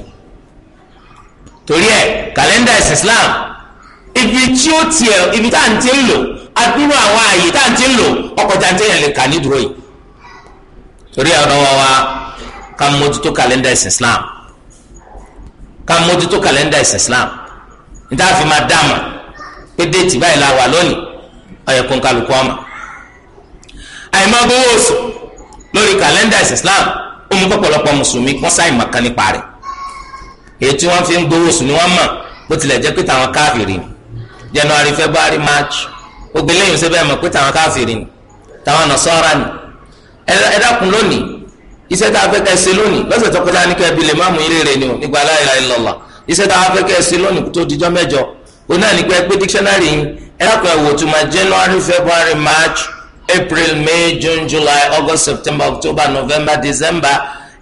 S1: torí ẹ̀ kàlẹ́ndà ẹ̀sìn Islam ibi tí ó tiẹ̀ ibi tá à ń ti ń lò adúrú àwọn ààyè tá à ń ti ń lò ọkọ̀ tá à ń ti yàn lè kà ní dúró yìí torí ẹ̀ ọ̀dọ́ wa wa ká mójútó kàlẹ́ndà ẹ̀sìn Islam ká mójútó kàlẹ́ndà ẹ̀sìn Islam níta fi máa dáàmà pé déètì báyìí la wà lónìí ọ̀yẹ̀kùn kálukú ọmọ àìmọ́ gbowó oṣù lórí kàlẹ́ndà ẹ̀sìn Islam ó mú pọ̀pọ̀lọpọ̀ mùsùlùmí wọ́n sáì màkà nípa rẹ̀ èyí tí fi ń gbowó sùn ni wọ́n mọ̀ bó tilẹ̀ jẹ́ pé káfìrì ni February March gbogbo eléyìí ṣe bẹ́ẹ̀ mọ̀ pé káfìrì ni tàwọn nasara ni ẹ dákun lónìí iṣẹ́ tá a fẹ́ kẹ́ ṣe lónìí lọ́sẹ̀ tó kọjá ní lè má mú ilé rẹ̀ ni o nígbà la ilaha illallah iṣẹ́ tá a fẹ́ kẹ́ ṣe lónìí tó dijọ́ mẹ́jọ o náà ní pé April May June July August September October November December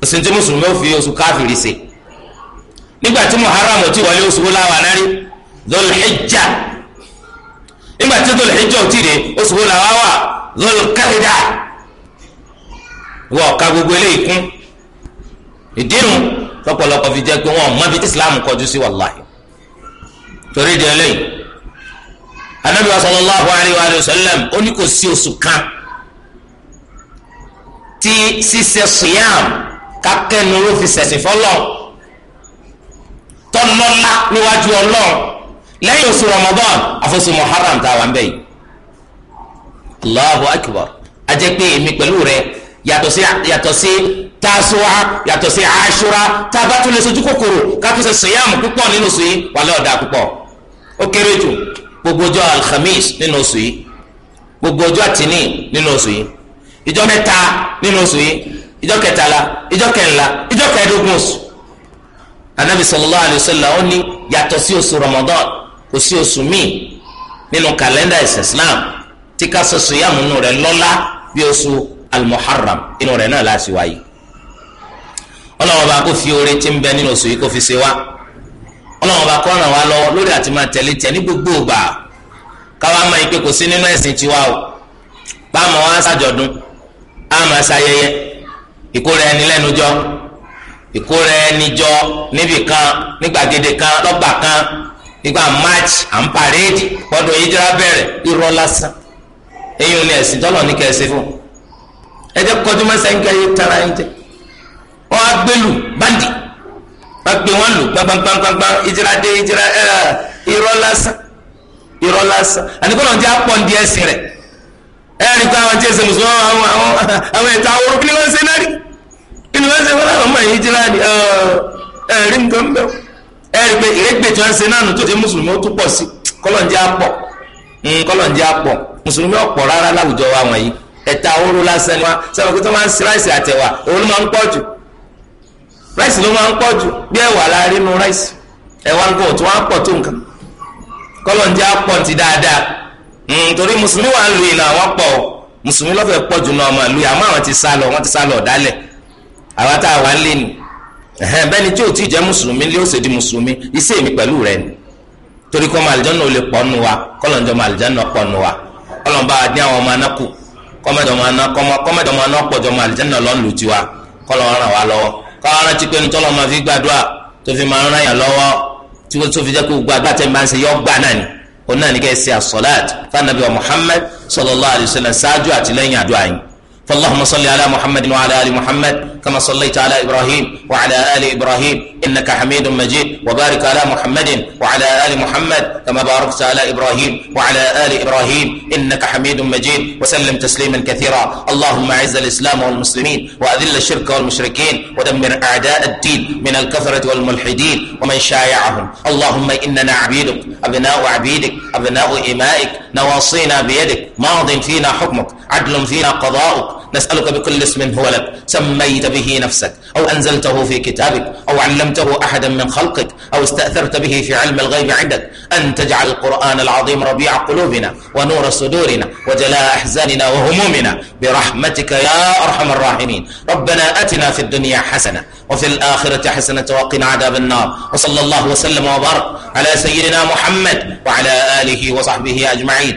S1: òsì tí mùsùlùmí ò fi oṣù káfìrí ṣe nígbà tí muharram ò ti wọlé oṣù wo làwọn anárí Dhul Hijja nígbà tí Dhul Hijja ò ti dé oṣù wo làwọn wà Dhul Qa'da wọ ọ̀ka gbogbo eléyìí kún ìdínú lọ́pọ̀lọpọ̀ fi jẹ́ pé wọn ò mọ ibi tí Islam kọjú sí wàláhì torí di eléyìí anabi wa sallallahu alayhi wa sallam ó ní kò sí oṣù kan tí ṣíṣe siyam kákẹ́nu ló fi sẹ̀sìn fọlọ́ tọ́lọ́lá níwájú ọlọ́run lẹ́yìn oṣù Ramadan àfọṣù Muharram tá a wà ń bẹ̀ yìí Allahu Akbar ajẹ́ pé èmi pẹ̀lú rẹ yàtọ̀ sí yàtọ̀ sí tasuwa yàtọ̀ sí aṣura tá a bá tún lè sojú kòkòrò ká tún ṣe sèyàmù púpọ̀ nínú oṣù yìí wàlẹ́ ọ̀dà púpọ̀ ó kéré jù gbogbo ọjọ́ alhamis nínú oṣù yìí gbogbo ọjọ́ àtìní nínú oṣù yìí ìjọ mẹ́ta nínú oṣù yìí ìjọ kẹtàlá ìjọ kẹrìnlá ìjọ kẹẹ̀ẹ́dógún oṣù anabi sallallahu alayhi sallam ó ní yàtọ̀ sí oṣù ramadan kò sí oṣù míì nínú kàlẹ́ndà ẹ̀sìn islam tí ká sọ sùyàmù nù rẹ̀ lọ́lá bí oṣù almuharram inú rẹ̀ náà láti wáyé ọlọ́wọ́n bá kó fi oore tí ń bẹ nínú oṣù yìí kó fi ṣe wá ọlọ́wọ́n bá kó ràn wá lọ́wọ́ lórí àti máa tẹ̀lé tiẹ̀ ní gbogbo ìgbà káwá máa yí pé kò sí nínú ẹ̀sìn tiwa o bá a máa wá ṣàjọ̀dún a máa ṣayẹyẹ ìkóra ẹni lẹ́nu jọ ìkóra ẹni jọ níbì kan nígbàgede kan lọ́gbà kan nígbà march à ń parade gbọ́dọ̀ ìjọra bẹ̀rẹ̀ irọ́ lásán eyín ni ẹ̀sìn tọ́lọ̀ ní kẹ́ẹ̀sì fún ẹ jẹ́ kọjú mẹ́sẹ̀ ń kẹ́yẹ tara ẹ̀ jẹ́ wọ́n á bandi wọ́n á gbé wọn lù gbangbangbangba ìjọra dé ìjọra ẹ̀ irọ́ lásán irọ́ lásán àníkọ́nà jẹ́ àpọ̀ ń di ẹ̀sìn rẹ̀ ẹ̀rín kọ́ e ẹ̀rí nǹkan bẹ́ẹ̀ ẹ̀rí pé ìrẹ́gbẹ̀ tí wọ́n ń ṣe mùsùlùmí ó tún pọ̀ sí àpọ̀ àpọ̀ hmm, mùsùlùmí ọ̀pọ̀ rárá láwùjọ wa wọ̀nyí ẹ̀ta lásán ni pé máa ń ṣe ráìsì àtẹ̀wà òun ló wà ń lé ẹ̀hẹ́n bẹ́ni tí o ti jẹ́ mùsùlùmí lé ọ̀sẹ̀ di mùsùlùmí iṣẹ́ mi pẹ̀lú rẹ ni torí kọ́ ọmọ àlìjáná ò lè pọ̀ nù wa kọ́lọ̀ ǹjọ́ ọmọ àlìjáná pọ̀ nù wa kọ́lọ̀ bá dín àwọn ọmọ anáku kọ́mẹ́dọ̀mọ aná pọ̀jọ́ ọmọ àlìjáná lọ́n lù tiwa kọ́lọ̀ ràn wá lọ́wọ́ kọ́lọ̀ rántí pé ní tọ́lọ́ máa fi gbàdúrà tó fi máa ràn yàn lọ́wọ́ tí ó fi jẹ́ kó gbàdúrà tẹ́ كما صليت على إبراهيم وعلى آل إبراهيم إنك حميد مجيد وبارك على محمد وعلى آل محمد كما باركت على إبراهيم وعلى آل إبراهيم إنك حميد مجيد وسلم تسليما كثيرا اللهم أعز الإسلام والمسلمين وأذل الشرك والمشركين ودمر أعداء الدين من الكفرة والملحدين ومن شايعهم اللهم إننا عبيدك أبناء عبيدك أبناء إمائك نواصينا بيدك ماض فينا حكمك عدل فينا قضاؤك نسألك بكل اسم هو لك سميت به به نفسك أو أنزلته في كتابك أو علمته أحدا من خلقك أو استأثرت به في علم الغيب عندك أن تجعل القرآن العظيم ربيع قلوبنا ونور صدورنا وجلاء أحزاننا وهمومنا برحمتك يا أرحم الراحمين ربنا أتنا في الدنيا حسنة وفي الآخرة حسنة وقنا عذاب النار وصلى الله وسلم وبارك على سيدنا محمد وعلى آله وصحبه أجمعين